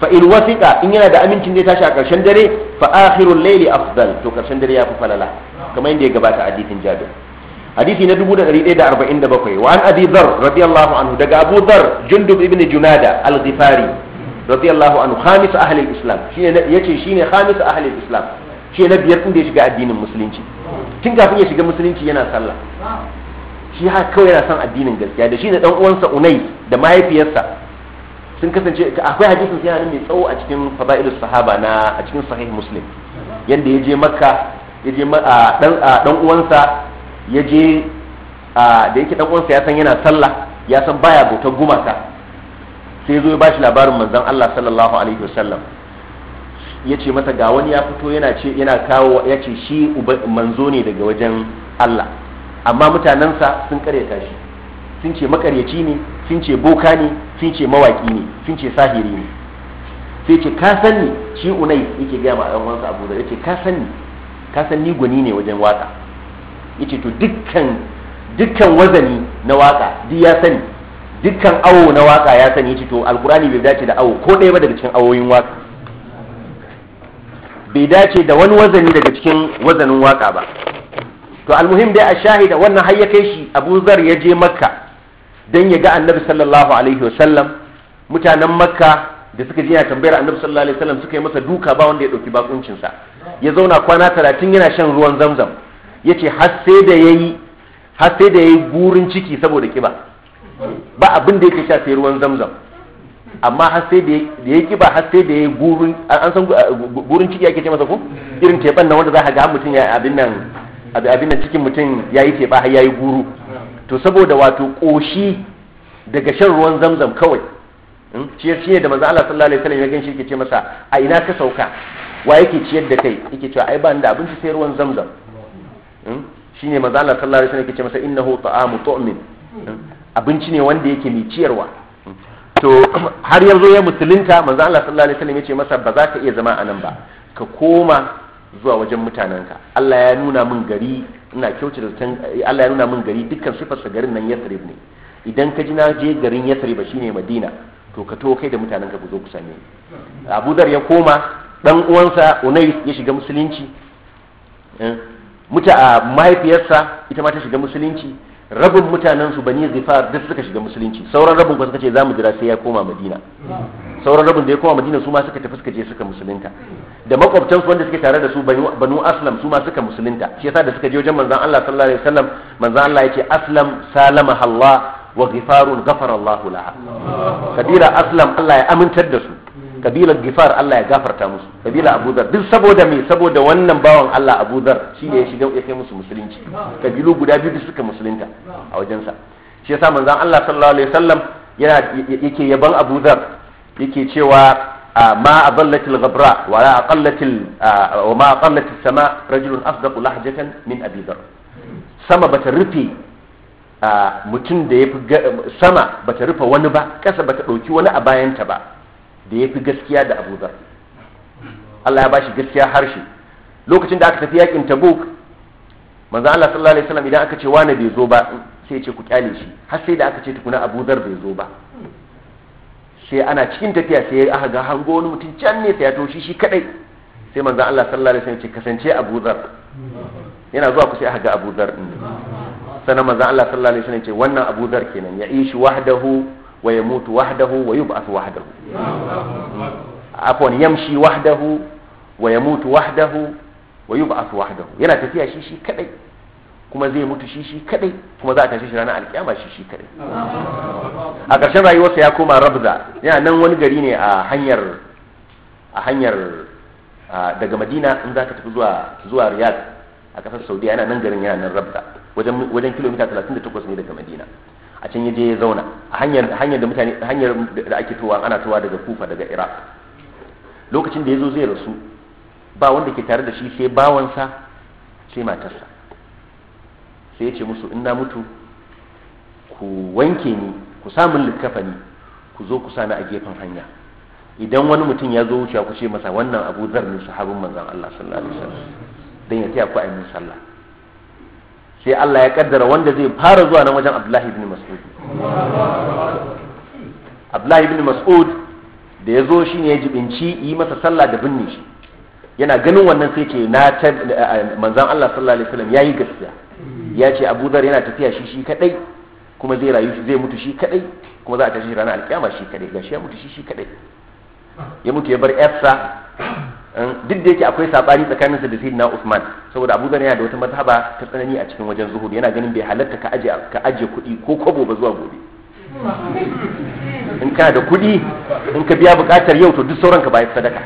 fa in wasiqa in yana da amincin zai tashi a ƙarshen dare fa akhirul layli afdal to ƙarshen dare yafi falala kamar yadda ya gabata a hadisin jabir hadisi na 1147 wa an abi dhar radiyallahu anhu daga abu dhar jundub ibn junada al-ghifari radiyallahu anhu khamis ahli al-islam yace shine khamis ahli islam shi na biyar inda ya shiga addinin musulunci tun kafin ya shiga musulunci yana sallah shi haka kawai yana son addinin gaskiya da shi da dan uwansa unai da mahaifiyarsa sun kasance akwai hadisin sai mai tsawo a cikin fadailus sahaba na a cikin sahih muslim yanda ya je makka ya je dan uwansa ya je da yake ɗan uwansa ya san yana sallah ya san baya bautar gumaka sai zo ya bashi labarin manzon Allah sallallahu alaihi wasallam ya ce masa ga wani ya fito yana ce yana kawo yace ce shi manzo ne daga wajen Allah amma mutanensa sun karyata shi sun ce makaryaci ne sun ce boka ne sun ce mawaki ne sun ce sahiri ne sai ce ka sani shi unai yake gaya ma ɗan uwansa abu da yace ka sani ka san ni gwani ne wajen waka yace to dukkan dukkan wazani na waka duk ya sani dukkan awo na waka ya sani yace to alkurani bai dace da awo ko ɗaya ba daga cikin awoyin waka bai dace da wani wazani daga cikin wazanin waka ba to almuhim dai a shahida wannan har ya kai shi abu zar ya je makka don ya ga annabi sallallahu alaihi wasallam mutanen makka da suka ji yana tambayar annabi sallallahu alaihi wasallam suka yi masa duka ba wanda ya dauki bakuncinsa ya zauna kwana talatin yana shan ruwan zamzam yace har sai da ya yi gurin ciki saboda kiba ba abin da ke sha sai ruwan zamzam amma har sai da ya kiba har sai da ya gurin an san uh, gurin ciki yake ce masa ko irin teban nan wanda za a ga mutum ya abin nan abin nan cikin mutum ya yi teba har yi guru to saboda wato koshi daga shan ruwan zamzam kawai ciyar hmm? ne da manzo Allah sallallahu alaihi wasallam ya ganshi ce masa a ina ka sauka wa yake ciyar da kai yake cewa ai ba ni da abinci sai ruwan zamzam Hmm? shine maza Allah sallallahu alaihi wasallam yake ce masa innahu ta'amu tu'min hmm? abinci ne wanda yake mai ciyarwa hmm? to har yanzu ya musulunta maza Allah sallallahu alaihi wasallam ce masa ba za ka iya zama a nan ba ka koma zuwa wajen mutanenka Allah ya nuna min gari ina kyauce da Allah ya nuna min gari dukkan sa garin nan Yathrib ne idan ka ji na je garin Yathrib shine Madina to ka to kai da mutanenka ku zo ku same Abu Dar ya koma dan uwansa Unais ya shiga musulunci muta a mahaifiyarsa ita ma ta shiga musulunci rabin mutanen su bani zifar duk suka shiga musulunci sauran rabin kuma suka ce zamu jira sai ya koma madina sauran rabin da ya koma madina su ma suka tafi suka je suka musulunta da makwabtan su wanda suke tare da su banu aslam su ma suka musulunta shi yasa da suka je wajen manzon Allah sallallahu alaihi wasallam manzon Allah yace aslam salama Allah wa ghifarun ghafara Allah laha kabira aslam Allah ya amintar da su kabilar gifar Allah ya gafarta musu kabila Abu duk saboda me saboda wannan bawan Allah Abu Dhar shine ya shiga ya kai musu musulunci kabilu guda biyu da suka musulunta a wajensa shi yasa manzon Allah sallallahu alaihi wasallam yana yake yaban Abu yake cewa ma adallatil ghabra wa la aqallatil wa ma aqallatis sama rajulun asdaqu lahjatan min Abi Dhar sama bata rufe mutum da ya fi sama bata rufe wani ba kasa bata ɗauki wani a bayanta ba da ya fi gaskiya da abu zar Allah ya bashi gaskiya harshe lokacin da aka tafi yakin tabuk manzo Allah sallallahu alaihi wasallam idan aka ce wane bai zo ba sai ce ku kyale shi har sai da aka ce tukuna abu zar bai zo ba sai ana cikin tafiya sai aka ga hango wani mutum can ne sai ya toshi shi kadai sai manzo Allah sallallahu alaihi wasallam ce kasance abu zar yana zuwa ku sai aka ga abu zar din sannan manzo Allah sallallahu alaihi wasallam ce wannan abu zar kenan ya ishi wahdahu wa yamutu wahdahu wa yub'athu wahdahu afwan yamshi wahdahu wa yamutu wahdahu wa yub'athu wahdahu yana tafiya shi shi kadai kuma zai mutu shi shi kadai kuma za a tashi shi ranar alkiyama shi shi kadai a ƙarshen rayuwarsa ya koma rabza yana nan wani gari ne a hanyar a hanyar daga madina in za ka tafi zuwa zuwa riyadh a ƙasar saudiya yana nan garin yana nan rabza wajen kilomita 38 ne daga madina a can yaje ya zauna a hanyar hanyar da mutane hanyar da ake towa ana towa daga kufa daga iraq lokacin da ya zo zai rasu ba wanda ke tare da shi sai bawansa sai matarsa sai ya ce musu in na mutu ku wanke ni ku samun likkafani ku zo ku sami a gefen hanya idan wani mutum ya zo wuce ku ce masa wannan abu zar ne sahabin manzon Allah sallallahu alaihi wasallam dan ya taya ku a yi sallah sai Allah ya kaddara wanda zai fara zuwa nan wajen Abdullahi ibn Mas'ud Abdullahi ibn Mas'ud da ya zo shine ya jibinci yi masa sallah da binne shi yana ganin wannan sai ce na manzon Allah sallallahu alaihi wasallam yayi gaskiya ya ce Abu Dhar yana tafiya shi shi kadai kuma zai rayu zai mutu shi kadai kuma za a tashi ranar alkiyama shi kadai gashi ya mutu shi shi kadai ya mutu ya bar yarsa duk da yake akwai sabani tsakanin sa da sayyidina Usman saboda Abu Dharr yana da wata mazhaba ta tsanani a cikin wajen zuhud yana ganin bai halatta ka aje ka aje kuɗi ko kobo ba zuwa gobe in kana da kuɗi in ka biya buƙatar yau to duk sauran ka bayar sadaka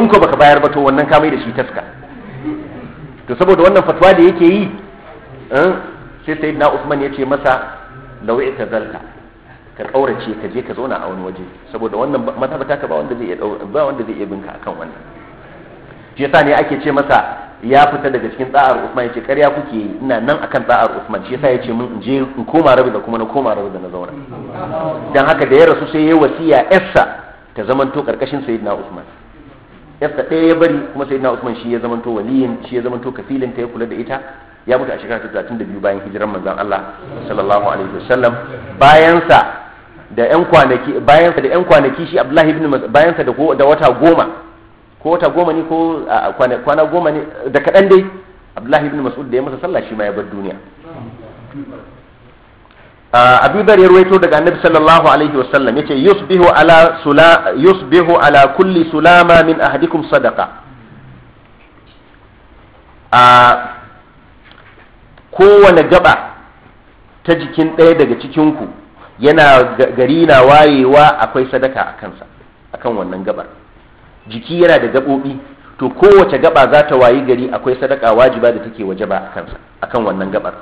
in ko baka bayar ba to wannan ka mai da shi taska to saboda wannan fatwa da yake yi eh, sai sayyidina Usman ya ce masa ta zalka. ka kaurace ka je ka zauna a wani waje saboda wannan mazhaba ta ba wanda zai iya ba wanda zai iya binka akan wannan shi yasa ne ake ce masa ya fita daga cikin tsa'ar Usman ya ce karya kuke ina nan akan tsa'ar Usman shi yasa yace mun je in koma rabi da kuma na koma rabi da na zauna dan haka da ya rasu sai yayi wasiya Essa ta zamanto karkashin Sayyidina Usman Essa ɗaya ya bari kuma Sayyidina Usman shi ya zamanto waliyin shi ya zamanto kafilin ta ya kula da ita ya mutu a shekara ta 32 bayan hijiran manzon Allah sallallahu alaihi wasallam bayan sa da yan kwanaki bayansa da yan kwanaki shi abdullahi ibn bayansa da da wata goma ko wata goma ne ko kwana goma ne da kaɗan dai abdullahi ibn mas'ud da ya masa sallah shi ma ya bar duniya abu dar ya ruwaito daga annabi sallallahu alaihi wasallam yace yusbihu ala sula yusbihu ala kulli sulama min ahdikum sadaqa a kowane gaba ta jikin ɗaya daga cikin ku yana gari na wayewa akwai sadaka a kansa akan wannan gabar jiki yana da gaɓoɓi to kowace gaba za ta wayi gari akwai sadaka wajiba da take wajaba a kansa akan wannan gabar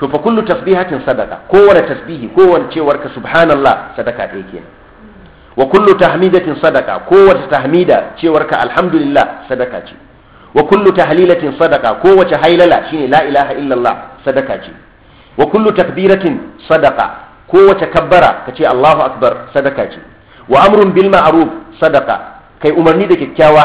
to fa kullu tasbihatin sadaka kowace tasbihi kowace cewar ka subhanallah sadaka ɗaya kenan wa kullu tahmidatin sadaka kowace tahmida cewar ka alhamdulillah sadaka ce wa kullu tahlilatin sadaka kowace hailala shine la ilaha illallah sadaka ce wa kullu takbiratin sadaka kowace kabbara ka ce Allahu akbar sadaka ce wa amrun bil ma'ruf sadaka kai umarni da kyakkyawa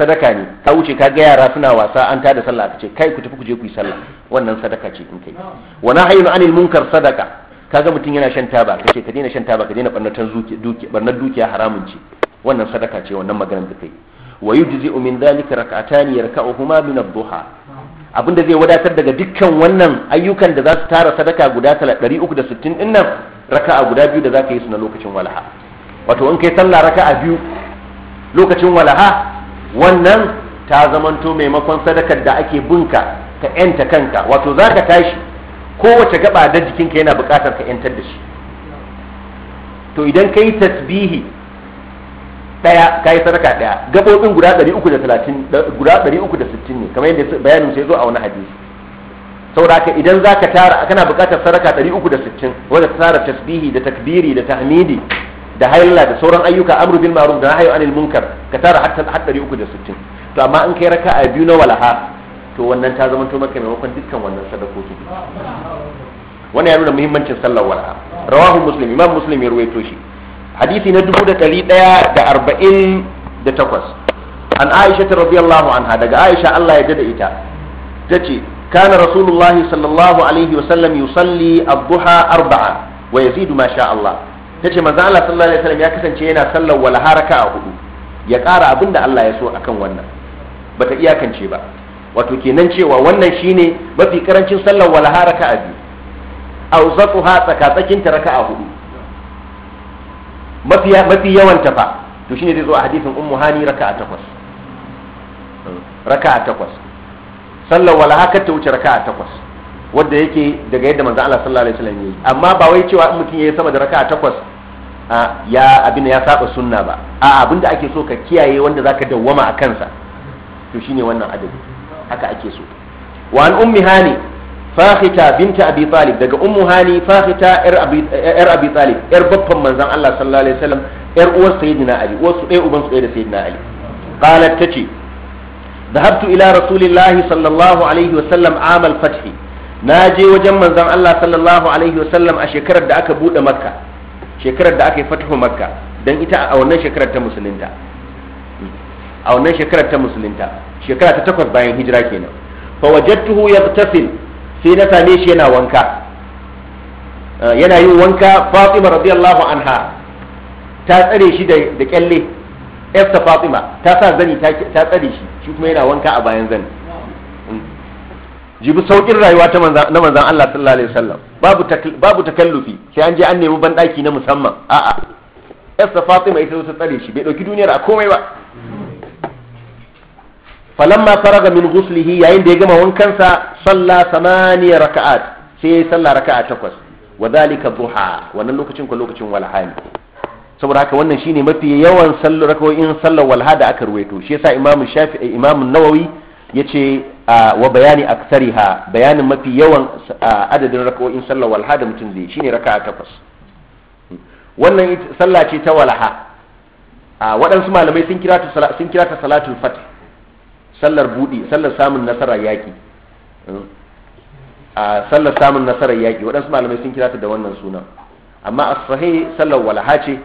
sadaka ne ka wuce ka ga yara suna wasa an tada sallah ka ce kai ku tafi ku je ku yi sallah wannan sadaka ce in kai wa nahyun anil munkar sadaka kaga mutum yana shan taba ka ce ka daina shan taba ka daina barnatan dukiya haramun ce wannan sadaka ce wannan maganar da kai wa yujzi'u min dhalika rak'atani yarka'uhuma min ad-duha abinda zai wadatar daga dukkan wannan ayyukan da za su tara sadaka guda 360 din nan raka'a guda biyu da zaka yi su na lokacin walaha wato in kai sallah raka'a biyu lokacin walaha wannan ta zamanto maimakon sadakar da ake bunka ka yanta kanka wato zaka tashi kowace gaba da jikinka yana buƙatar ka yantar da shi to idan kai tasbihi daya yi sadaka daya gabobin guda 330 guda 360 ne kamar yadda bayanin sai zo a wani hadisi saboda ka idan zaka tara kana buƙatar sadaka 360 wanda ta tara tasbihi da takbiri da tahmidi da hayalla da sauran ayyuka amru bil ma'ruf da nahyu anil munkar ka tara har 360 to amma in kai raka'a biyu na walaha to wannan ta zama to maka maimakon dukkan wannan sadakoki wannan ya nuna muhimmancin sallar walaha rawahu muslim imam muslim ya ruwaito shi hadisi na dubu da ɗari ɗaya da arba'in da takwas an aisha ta radiyallahu anha daga aisha Allah ya da ita ta ce kana rasulullahi sallallahu alaihi wasallam yusalli ad-duha arba'a wa yazidu ma Allah ta ce manzo Allah ya kasance yana sallar wala haraka a hudu ya ƙara abin Allah ya so akan iya bata iyakance ba wato kenan cewa wannan shine mafi karancin sallar wala haraka a biyu auzatuha tsaka tsakin ta raka'a hudu mafi yawan tafa to shine zai zo a hadisin ummu hani raka'a takwas hmm. raka'a takwas sallar wala haka ta wuce raka'a takwas wanda yake daga yadda manzo Allah sallallahu alaihi wasallam yayi amma ba wai cewa in mutum yayi sama da raka'a takwas ya abin ya saba sunna ba a abinda da ake so ka kiyaye wanda zaka dawwama a kansa to shine wannan adadi haka ake so wa an ummi hani fahita binta abi talib daga ummu hani fahita yar abi talib yar babban manzon Allah sallallahu alaihi wasallam yar uwar sayyidina ali wasu dai ɗaya uban su ɗaya da sayyidina ali qalat tace dhahabtu ila rasulillahi sallallahu alaihi wasallam amal fath na je wajen manzon Allah sallallahu alaihi wasallam a shekarar da aka bude makka shekarar da aka yi fathu makka dan ita a wannan shekarar ta musulunta a wannan shekarar ta musulunta shekara ta takwas bayan hijira kenan fa wajadtuhu yagtasil sai na same shi yana wanka eh, yana yin wanka fatima radiyallahu anha ta tsare shi da kyalle yasta fatima ta sa zani ta tsare shi shi kuma yana wanka a bayan zani mm. jibi saukin rayuwa ta na manzan Allah sallallahu alaihi wasallam babu takallufi sai an je an nemi banɗaki na musamman a'a yasta fatima ita ta tsare shi bai ɗauki duniyar a komai ba falamma faraga min ghuslihi yayin da ya gama wankansa salla samaniya raka'at sai ya salla raka'a takwas wa dhalika duha wannan lokacin ko lokacin walha saboda haka wannan shine mafi yawan sallar raka'o'in sallar walha da aka ruwaito shi yasa imamu shafi'i eh, imamu nawawi yace wa bayani aktsariha bayanin mafi yawan adadin raka'o'in sallar walha da mutum zai shine raka'a takwas wannan sallah ce ta walha waɗansu malamai sun kira ta salatul fatih sallar buɗi sallar samun nasarar yaƙi hmm? a sallar samun nasarar yaƙi waɗansu malamai sun kira ta da wannan sunan amma a sahih sallar walaha ce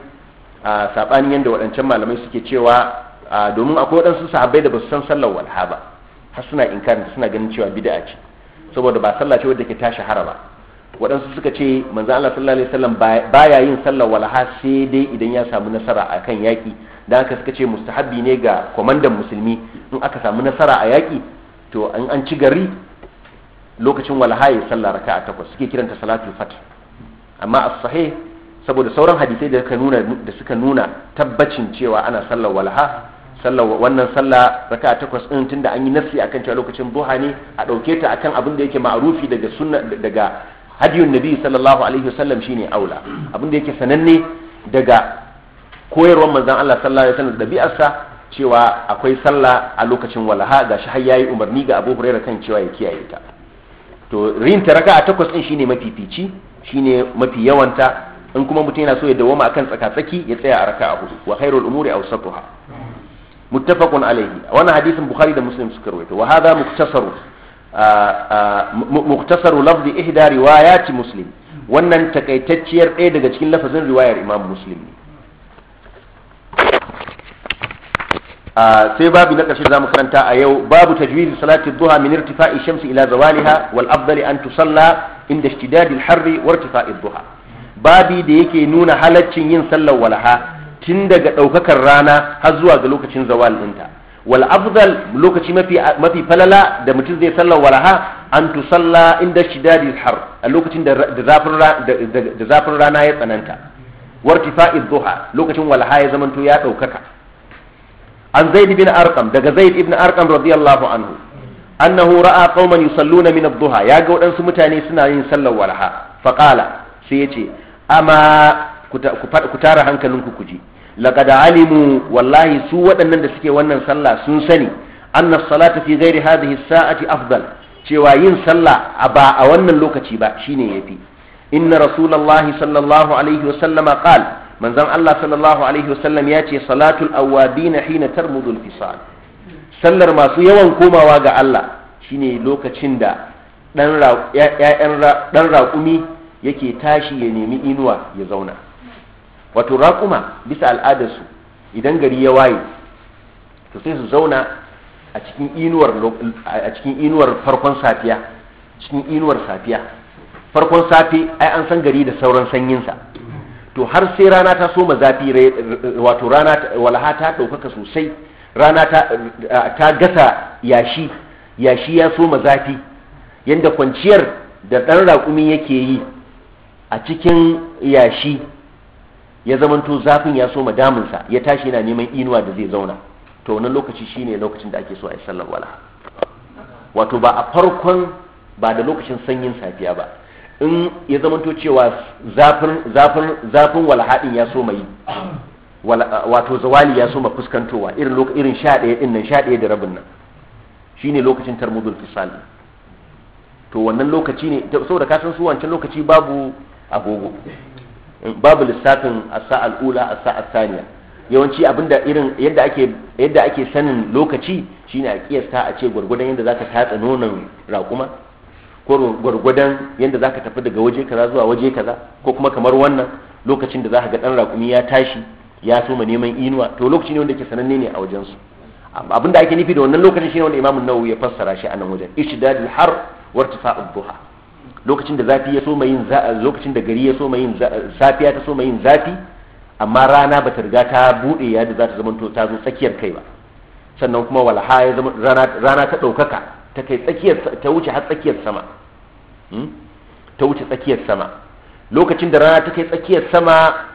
a sabanin yadda waɗancan malamai suke cewa domin akwai waɗansu sahabbai da ba su san sallar walha ba har suna inkarin suna ganin cewa bida'a ce saboda ba sallah ce wadda ke ta shahara ba waɗansu suka ce manzan Allah sallallahu alaihi wasallam baya yin sallar walha sai dai idan ya samu nasara akan yaki dan haka suka ce mustahabbi ne ga kwamandan musulmi in aka samu nasara a yaƙi to in an ci gari lokacin walaha ya salla raka a takwas suke kiranta salatul fat amma as sahih saboda sauran hadisai da suka nuna da suka nuna tabbacin cewa ana sallar walha sallar wannan sallah raka takwas din tunda an yi nafsi akan cewa lokacin duha ne a dauke ta akan abin da yake ma'rufi daga sunna daga hadiyun nabi sallallahu alaihi wasallam shine aula abin da yake sananne daga koyarwar manzon Allah sallallahu alaihi wasallam bi'arsa cewa akwai sallah a lokacin walaha ga shi har yayi umarni ga Abu Hurairah kan cewa ya kiyaye ta to rin ta raka'a takwas din shine fici shine mafi yawanta in kuma mutum yana so ya dawoma akan tsakatsaki ya tsaya a raka'a hudu wa khairul umuri awsatuha muttafaqun alayhi wannan hadisin Bukhari da Muslim suka rawaito wa hadha muktasaru muktasaru lafzi ihda riwayat Muslim wannan takaitacciyar ɗaya daga cikin lafazin riwayar Imam Muslim ne sai babu na ƙarshe da zamu karanta a yau babu tajwid salati duha min irtifa'i shamsi ila zawaliha wal afdali an tusalla inda ishtidadi al-harri wa irtifa'i duha babi da yake nuna halaccin yin sallar walaha tun daga ɗaukakar rana har zuwa ga lokacin zawal ɗinta wal afdal lokaci mafi mafi falala da mutum zai sallar walaha an tusalla inda ishtidadi al-har a lokacin da zafin da zafin rana ya tsananta wa irtifa'i duha lokacin walaha ya zamanto ya ɗaukaka an zaid ibn arqam daga zaid ibn arqam radiyallahu anhu annahu ra'a qauman yusalluna min ad ya ga waɗansu mutane suna yin sallar walha faqala sai yace ama ku tara hankalinku ku ji laqad alimu wallahi su waɗannan da suke wannan salla sun sani anna salata fi ghairi hadhihi saati afdal cewa yin sallah a ba a wannan lokaci ba shine yafi inna rasulullahi sallallahu alaihi wa sallama qala manzon Allah sallallahu alaihi wasallam ya ce salatul awabina hina tarmudul fisal sallar masu yawan komawa ga Allah shine lokacin da dan dan raqumi yake tashi ya nemi inuwa ya zauna wato raƙuma bisa su idan gari ya waye to sai su zauna a cikin inuwar a cikin inuwar farkon safiya cikin inuwar safiya farkon safe ai an san gari da sauran sanyinsa to har sai rana ta soma zafi wato rana walaha ta ɗaukaka sosai rana ta gasa yashi yashi ya soma zafi yadda kwanciyar da ɗan raƙumi yake yi a cikin yashi ya zamanto zafin ya soma damunsa ya tashi yana neman inuwa da zai zauna to wannan lokaci shine lokacin da ake so a yi sallar walaha wato ba a farkon ba da lokacin sanyin safiya ba in ya zamanto cewa zafin zafin walhaɗin ya so mai wato zawali ya so ma fuskantowa irin irin sha ɗaya ɗin nan sha ɗaya da rabin nan shine lokacin tarmudul fisali to wannan lokaci ne saboda ka san su wancan lokaci babu agogo babu lissafin asa al'ula asa asaniya yawanci abinda irin yadda ake yadda ake sanin lokaci shine a kiyasta a ce gwargwadon yadda zaka tatsa nonon raƙuma gwargwadon yadda za ka tafi daga waje kaza zuwa waje kaza ko kuma kamar wannan lokacin da za ka ga ɗan rakumi ya tashi ya soma neman inuwa to lokaci ne wanda ke sananne ne a wajensu abinda ake nufi da wannan lokacin shine wanda imamu nawawi ya fassara shi a nan wajen ishdadul har wa irtifa'ud duha lokacin da zafi ya soma yin lokacin da gari ya soma yin safiya ta soma yin zafi amma rana ba ta riga ta bude ya da za ta zama ta zo tsakiyar kai ba sannan kuma walha ya zama rana ta ɗaukaka ta kai tsakiyar ta wuce har tsakiyar sama hmm? ta wuce tsakiyar sama lokacin da rana ta kai tsakiyar sama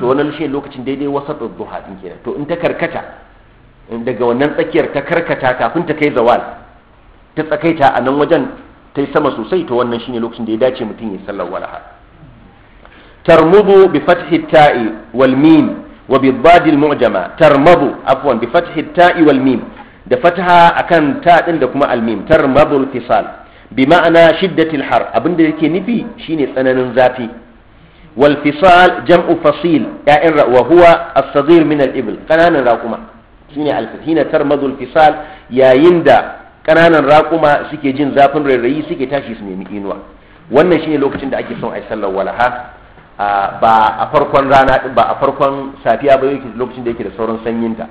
to wannan shi lokacin daidai wasatul duha din kenan to in ta karkata daga wannan tsakiyar ta karkata kafin ta kai zawal ta tsakaita a nan wajen ta yi sama sosai to wannan shi ne lokacin da ya dace mutum ya sallar walaha tarmudu bi fathi ta'i wal mim wa bi dhadil mu'jama tarmadu afwan bi fathi ta'i wal mim da fataha akan ta din da kuma almim mabul fisal bi ma'ana shiddatil har abinda yake nufi shine tsananin zafi wal fisal jam'u fasil ya'in wa huwa as sadir min al-ibl kananan raquma shine al-fatina mabul fisal yayin da kananan raquma suke jin zafin rairayi suke tashi su nemi inuwa wannan shine lokacin da ake son ai sallar walaha ba a farkon rana ba a farkon safiya ba yake lokacin da yake da sauran sanyinta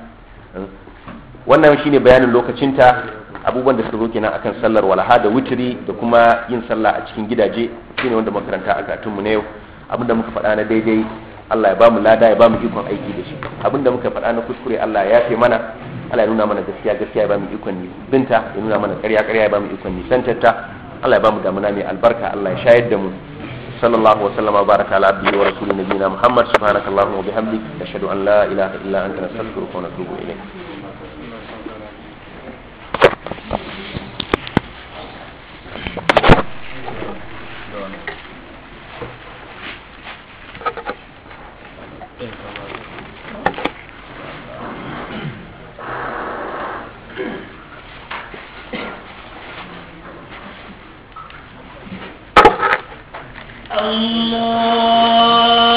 wannan shine bayanin lokacinta abubuwan da suka zo kenan akan sallar walaha da witiri da kuma yin sallah a cikin gidaje shi ne wanda makaranta a katunmu na yau abinda muka faɗa na daidai Allah ya bamu lada ya bamu ikon aiki da shi abinda muka faɗa na kuskure Allah ya yafe mana Allah ya nuna mana gaskiya gaskiya ya bamu ikon ni binta ya nuna mana ƙarya ƙarya ya bamu ikon ni nisantarta Allah ya bamu damuna mai albarka Allah ya shayar da mu sallallahu wa sallama baraka ala abdihi wa rasulina nabiyina Muhammad subhanakallahumma wa bihamdik ashhadu an la ilaha illa anta nastaghfiruka wa natubu ilayk Allah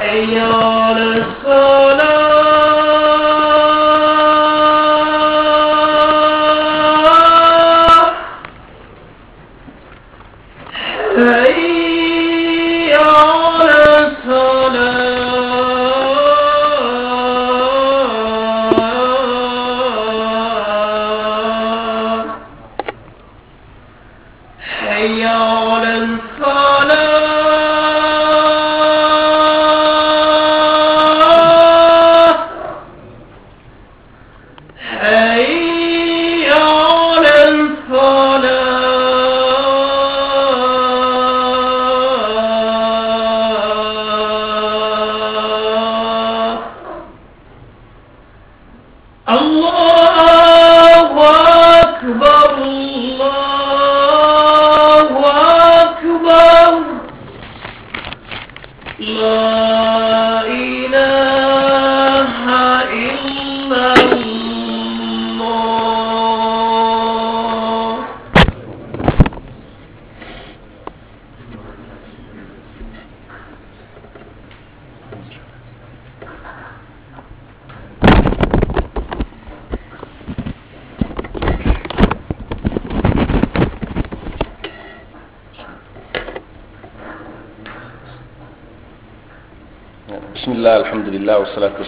Señor, solo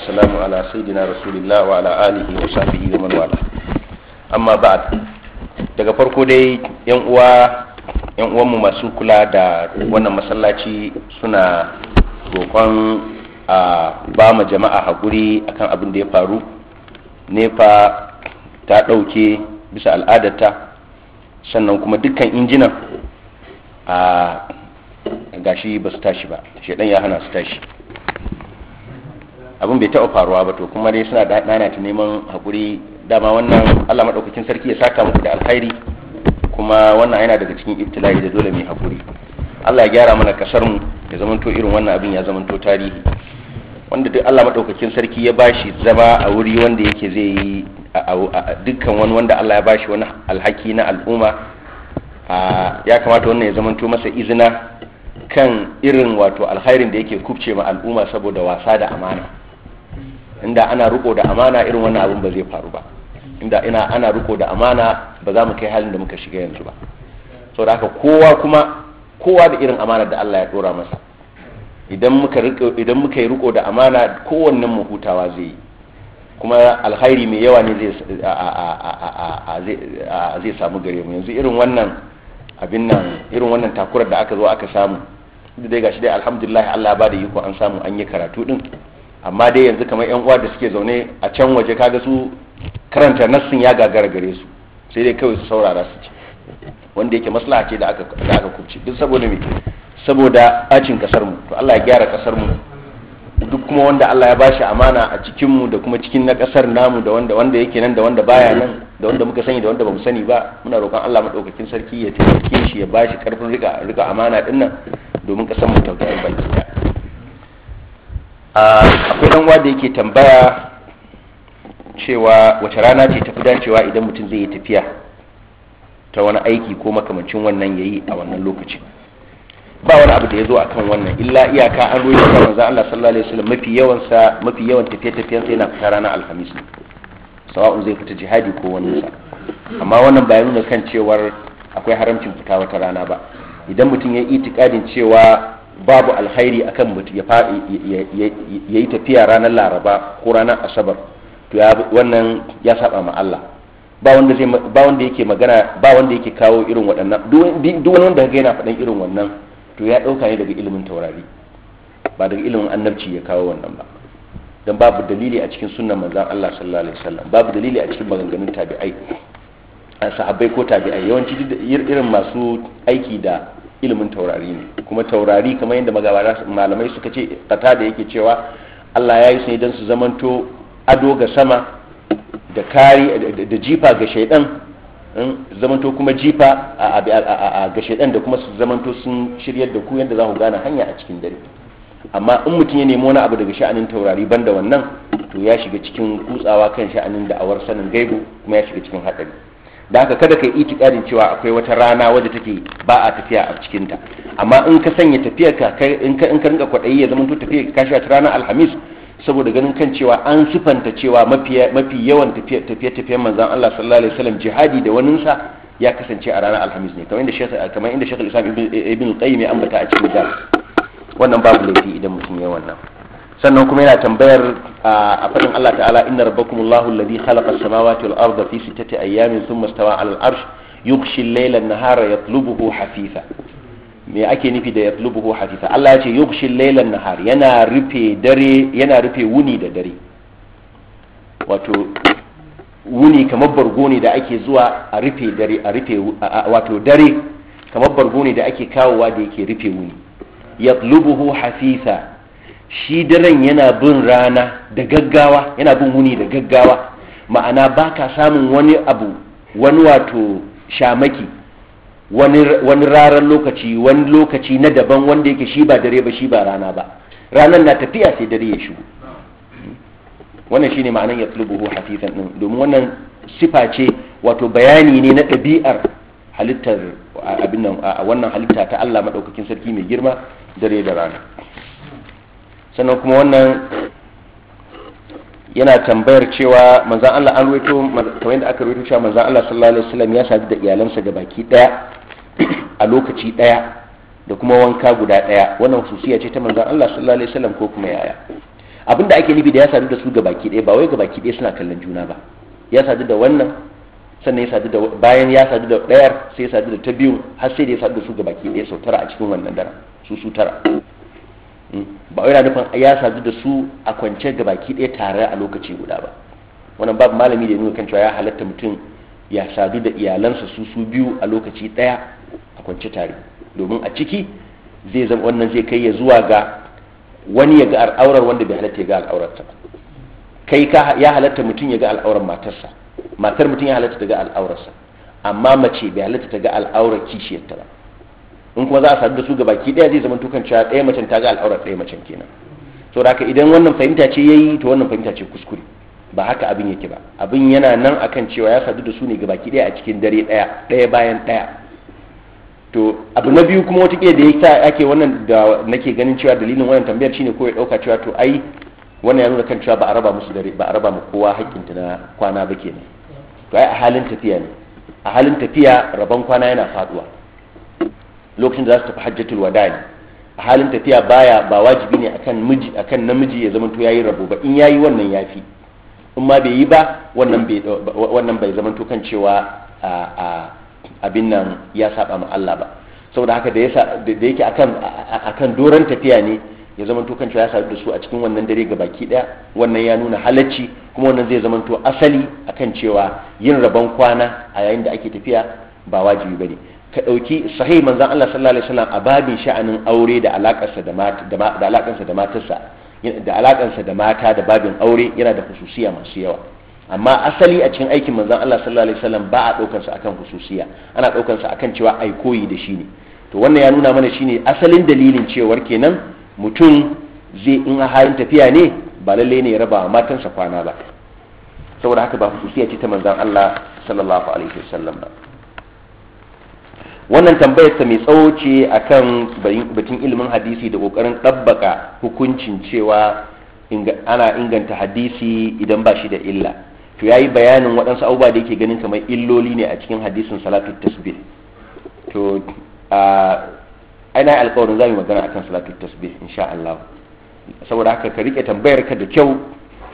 والسلام على سيدنا رسول الله وعلى آله وصحبه ومن والاه أما بعد daga farko dai yan uwa yan uwanmu masu kula da wannan masallaci suna roƙon a ba mu jama'a haƙuri akan abin da ya faru nefa ta ɗauke bisa al'adarta sannan kuma dukkan injinan a gashi ba su tashi ba shaidan ya hana su tashi bai taɓa faruwa ba to kuma dai suna da nana ta neman haƙuri dama wannan Allah maɗaukakin sarki ya saka muku da alkhairi kuma wannan yana daga cikin ibtila'i da dole mai haƙuri Allah ya gyara mana ƙasar mu ya zamanto irin wannan abin ya zamanto tarihi wanda duk Allah maɗaukakin sarki ya bashi zama a wuri wanda yake zai yi dukkan wani wanda Allah ya bashi wani alhaki na al'umma ya kamata wannan ya zamanto masa izina kan irin wato alkhairin da yake kubce ma al'umma saboda wasa da amana inda ana riko da amana irin wannan abin ba zai faru ba inda ina ana riko da amana ba za mu kai halin da muka shiga yanzu ba saboda haka kowa kuma kowa da irin amana da Allah ya dora masa idan muka riko idan muka yi riko da amana kowannen mu hutawa zai yi kuma alkhairi mai yawa ne zai zai samu gare mu yanzu irin wannan abin nan irin wannan takurar da aka zo aka samu dai gashi dai alhamdulillah Allah ba da iko an samu an yi karatu din amma dai yanzu kamar yan uwa da suke zaune a can waje kaga su karanta nassin ya gagara gare su sai dai kawai su saurara su ce wanda yake maslaha ce da aka da aka kubce duk saboda me saboda bacin kasar mu to Allah ya gyara kasar mu duk kuma wanda Allah ya bashi amana a cikin mu da kuma cikin na kasar namu da wanda wanda yake nan da wanda baya nan da wanda muka sani da wanda bamu sani ba muna roƙon Allah madaukakin sarki ya taimake shi ya bashi karfin rika rika amana dinnan domin kasar mu ta baki akwai dan uwa da yake tambaya cewa wace rana ce tafi dacewa idan mutum zai yi tafiya ta wani aiki ko makamancin wannan yayi a wannan lokaci ba wani abu da ya zo a kan wannan illa iyaka an ruwa ta manzan Allah sallallahu alaihi wasallam mafi yawan sa mafi yawan tafiye-tafiyen sa yana fita ranar alhamis ne sawa'un zai fita jihadi ko wani sa amma wannan ba ya nuna kan cewar akwai haramcin fita wata rana ba idan mutum ya itikadin cewa babu alkhairi akan mutum ya yi tafiya ranar laraba ko ranar asabar to wannan ya saba ma Allah ba wanda zai ba wanda yake magana ba wanda yake kawo irin waɗannan duk wani wanda kaga yana faɗan irin wannan to ya ɗauka ne daga ilimin taurari ba daga ilimin annabci ya kawo wannan ba dan babu dalili a cikin sunnan manzon Allah sallallahu alaihi wasallam babu dalili a cikin maganganun tabi'ai sahabbai ko tabi'ai yawanci irin masu aiki da ilimin taurari ne kuma taurari kamar yadda magabara malamai suka ce kata da yake cewa Allah ya yi su ne don su zamanto ado ga sama da kari da jifa ga shaidan hmm, zamanto kuma jifa a ga shaidan da kuma su zamanto sun shiryar da ku yadda za ku gane hanya a cikin dare amma in mutum ya nemi wani abu daga sha'anin taurari ban da wannan to ya shiga cikin kutsawa kan sha'anin da'awar sanin gaibu kuma ya shiga cikin haɗari da haka kada ka yi itikadin cewa akwai wata rana wadda take ba a tafiya a cikinta amma in ka sanya tafiyar ka in ka in ka rinka kwaɗayi ya zama tafiyar ka kashi wata ranar alhamis saboda ganin kan cewa an sifanta cewa mafi mafi yawan tafiye tafiyen manzon Allah sallallahu alaihi wasallam jihadi da waninsa ya kasance a ranar alhamis ne kamar inda shekh kamar inda shekh al-islam ibn qayyim ya ambata a cikin jihar wannan babu laifi idan mutum ya wannan sannan kuma yana tambayar a faɗin Allah ta'ala inna rabbakumullahu alladhi khalaqa as-samawati wal arda fi sittati ayyamin thumma istawa 'ala al-'arsh yughshi al-layla an-nahara yatlubuhu hafifa me ake nufi da yatlubuhu hafifa Allah ya ce yughshi al-layla an nahara yana rufe dare yana rufe wuni da dare wato wuni kamar bargo ne da ake zuwa a rufe dare a rufe wato dare kamar bargo ne da ake kawowa da yake rufe wuni yatlubuhu hafifa shi daren yana bin rana da gaggawa yana bin wuni da gaggawa ma'ana ba ka samun wani abu wani wato shamaki wani raran lokaci wani lokaci na daban wanda yake shi ba dare ba shi ba rana ba ranar na tafiya sai dare ya shigo wannan shine ma'anar ya tulubuhu hafifan din domin wannan sifa ce wato bayani ne na ɗabi'ar halittar a wannan halitta ta Allah maɗaukakin sarki mai girma dare da rana sannan kuma wannan yana tambayar cewa manzan Allah an ruwaito kamar yadda aka ruwaito cewa manzan Allah sallallahu alaihi wasallam ya sadu da iyalansa ga baki daya a lokaci daya da kuma wanka guda daya wannan hususiya ce ta manzan Allah sallallahu alaihi wasallam ko kuma yaya abinda ake nufi da ya sadu da su ga baki daya ba wai ga baki daya suna kallon juna ba ya sadu da wannan sannan ya sadu da bayan ya sadu da dayar sai ya sadu da ta biyu har sai da ya sadu da su ga baki daya sautara a cikin wannan daren su su tara ba yana nufin ya sadu da su a kwance ga baki ɗaya tare a lokaci guda ba wannan babu malami da nuna kan cewa ya halatta mutum ya sadu da iyalansa su su biyu a lokaci ɗaya a kwance tare domin a ciki zai zama wannan zai kai ya zuwa ga wani ya ga al'aurar wanda bai halatta ya ga al'aurarsa ba kai ka ya halatta mutum ya ga al'aurar matarsa matar mutum ya halatta ta ga al'aurarsa amma mace bai halatta ta ga al'aurar kishiyarta ba in kuma za a sadu da su gabaki daya zai zama tukan cewa ɗaya macen ta ga al'aura ɗaya macen kenan so da idan wannan fahimta ce yayi to wannan fahimta ce kuskure ba haka abin yake ba abin yana nan akan cewa ya sadu da su ne gabaki daya a cikin dare daya daya bayan daya to abu na biyu kuma wataƙila da a ake wannan da nake ganin cewa dalilin wannan tambayar shine ko ya ɗauka cewa to ai wannan ya nuna kan cewa ba a raba musu dare ba a raba ma kowa ta na kwana ba kenan to ai a halin tafiya ne a halin tafiya rabon kwana yana faduwa lokacin da za su tafi hajjatul ne a halin tafiya baya ba wajibi ne akan miji akan namiji ya zama to yayi rabo ba in yayi wannan yafi in ma bai yi ba wannan bai wannan bai zama to kan cewa a abin nan ya saba ma Allah ba saboda haka da yasa da yake akan akan doran tafiya ne ya zama to kan cewa ya sadu da su a cikin wannan dare ga baki daya wannan ya nuna halacci kuma wannan zai zama to asali akan cewa yin rabon kwana a yayin da ake tafiya ba wajibi bane ka ɗauki sahi manzan Allah sallallahu alaihi wasallam a babin sha'anin aure da alakarsa da da alakarsa da matarsa da alakarsa da mata da babin aure yana da hususiya masu yawa amma asali a cikin aikin manzan Allah sallallahu alaihi wasallam ba a ɗaukar sa akan hususiya ana ɗaukar sa akan cewa ai koyi da shi ne to wannan ya nuna mana shine asalin dalilin cewar kenan mutum zai in a halin tafiya ne ba lalle ne ya raba matansa kwana ba saboda haka ba hususiya ce ta manzan Allah sallallahu alaihi wasallam ba wannan tambayar ta mai tsawo ce akan batun ilimin hadisi da kokarin ɗabbaka hukuncin cewa ana inganta hadisi idan ba shi da illa to yayi bayanin waɗansu abubuwa da yake ganin kamar illoli ne a cikin hadisin salatu tasbih to a aina alƙawarin za mu magana akan salatu tasbih insha Allah saboda haka ka rike tambayar ka da kyau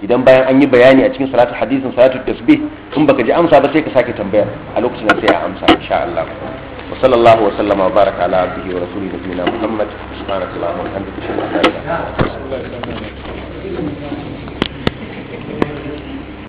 idan bayan an yi bayani a cikin salatu hadisin salatu tasbih in baka ji amsa ba sai ka sake tambayar a lokacin da sai a amsa insha Allah وصلى الله وسلم وبارك على عبده ورسوله نبينا محمد سبحانك اللهم وبحمدك اشهد ان لا اله الا انت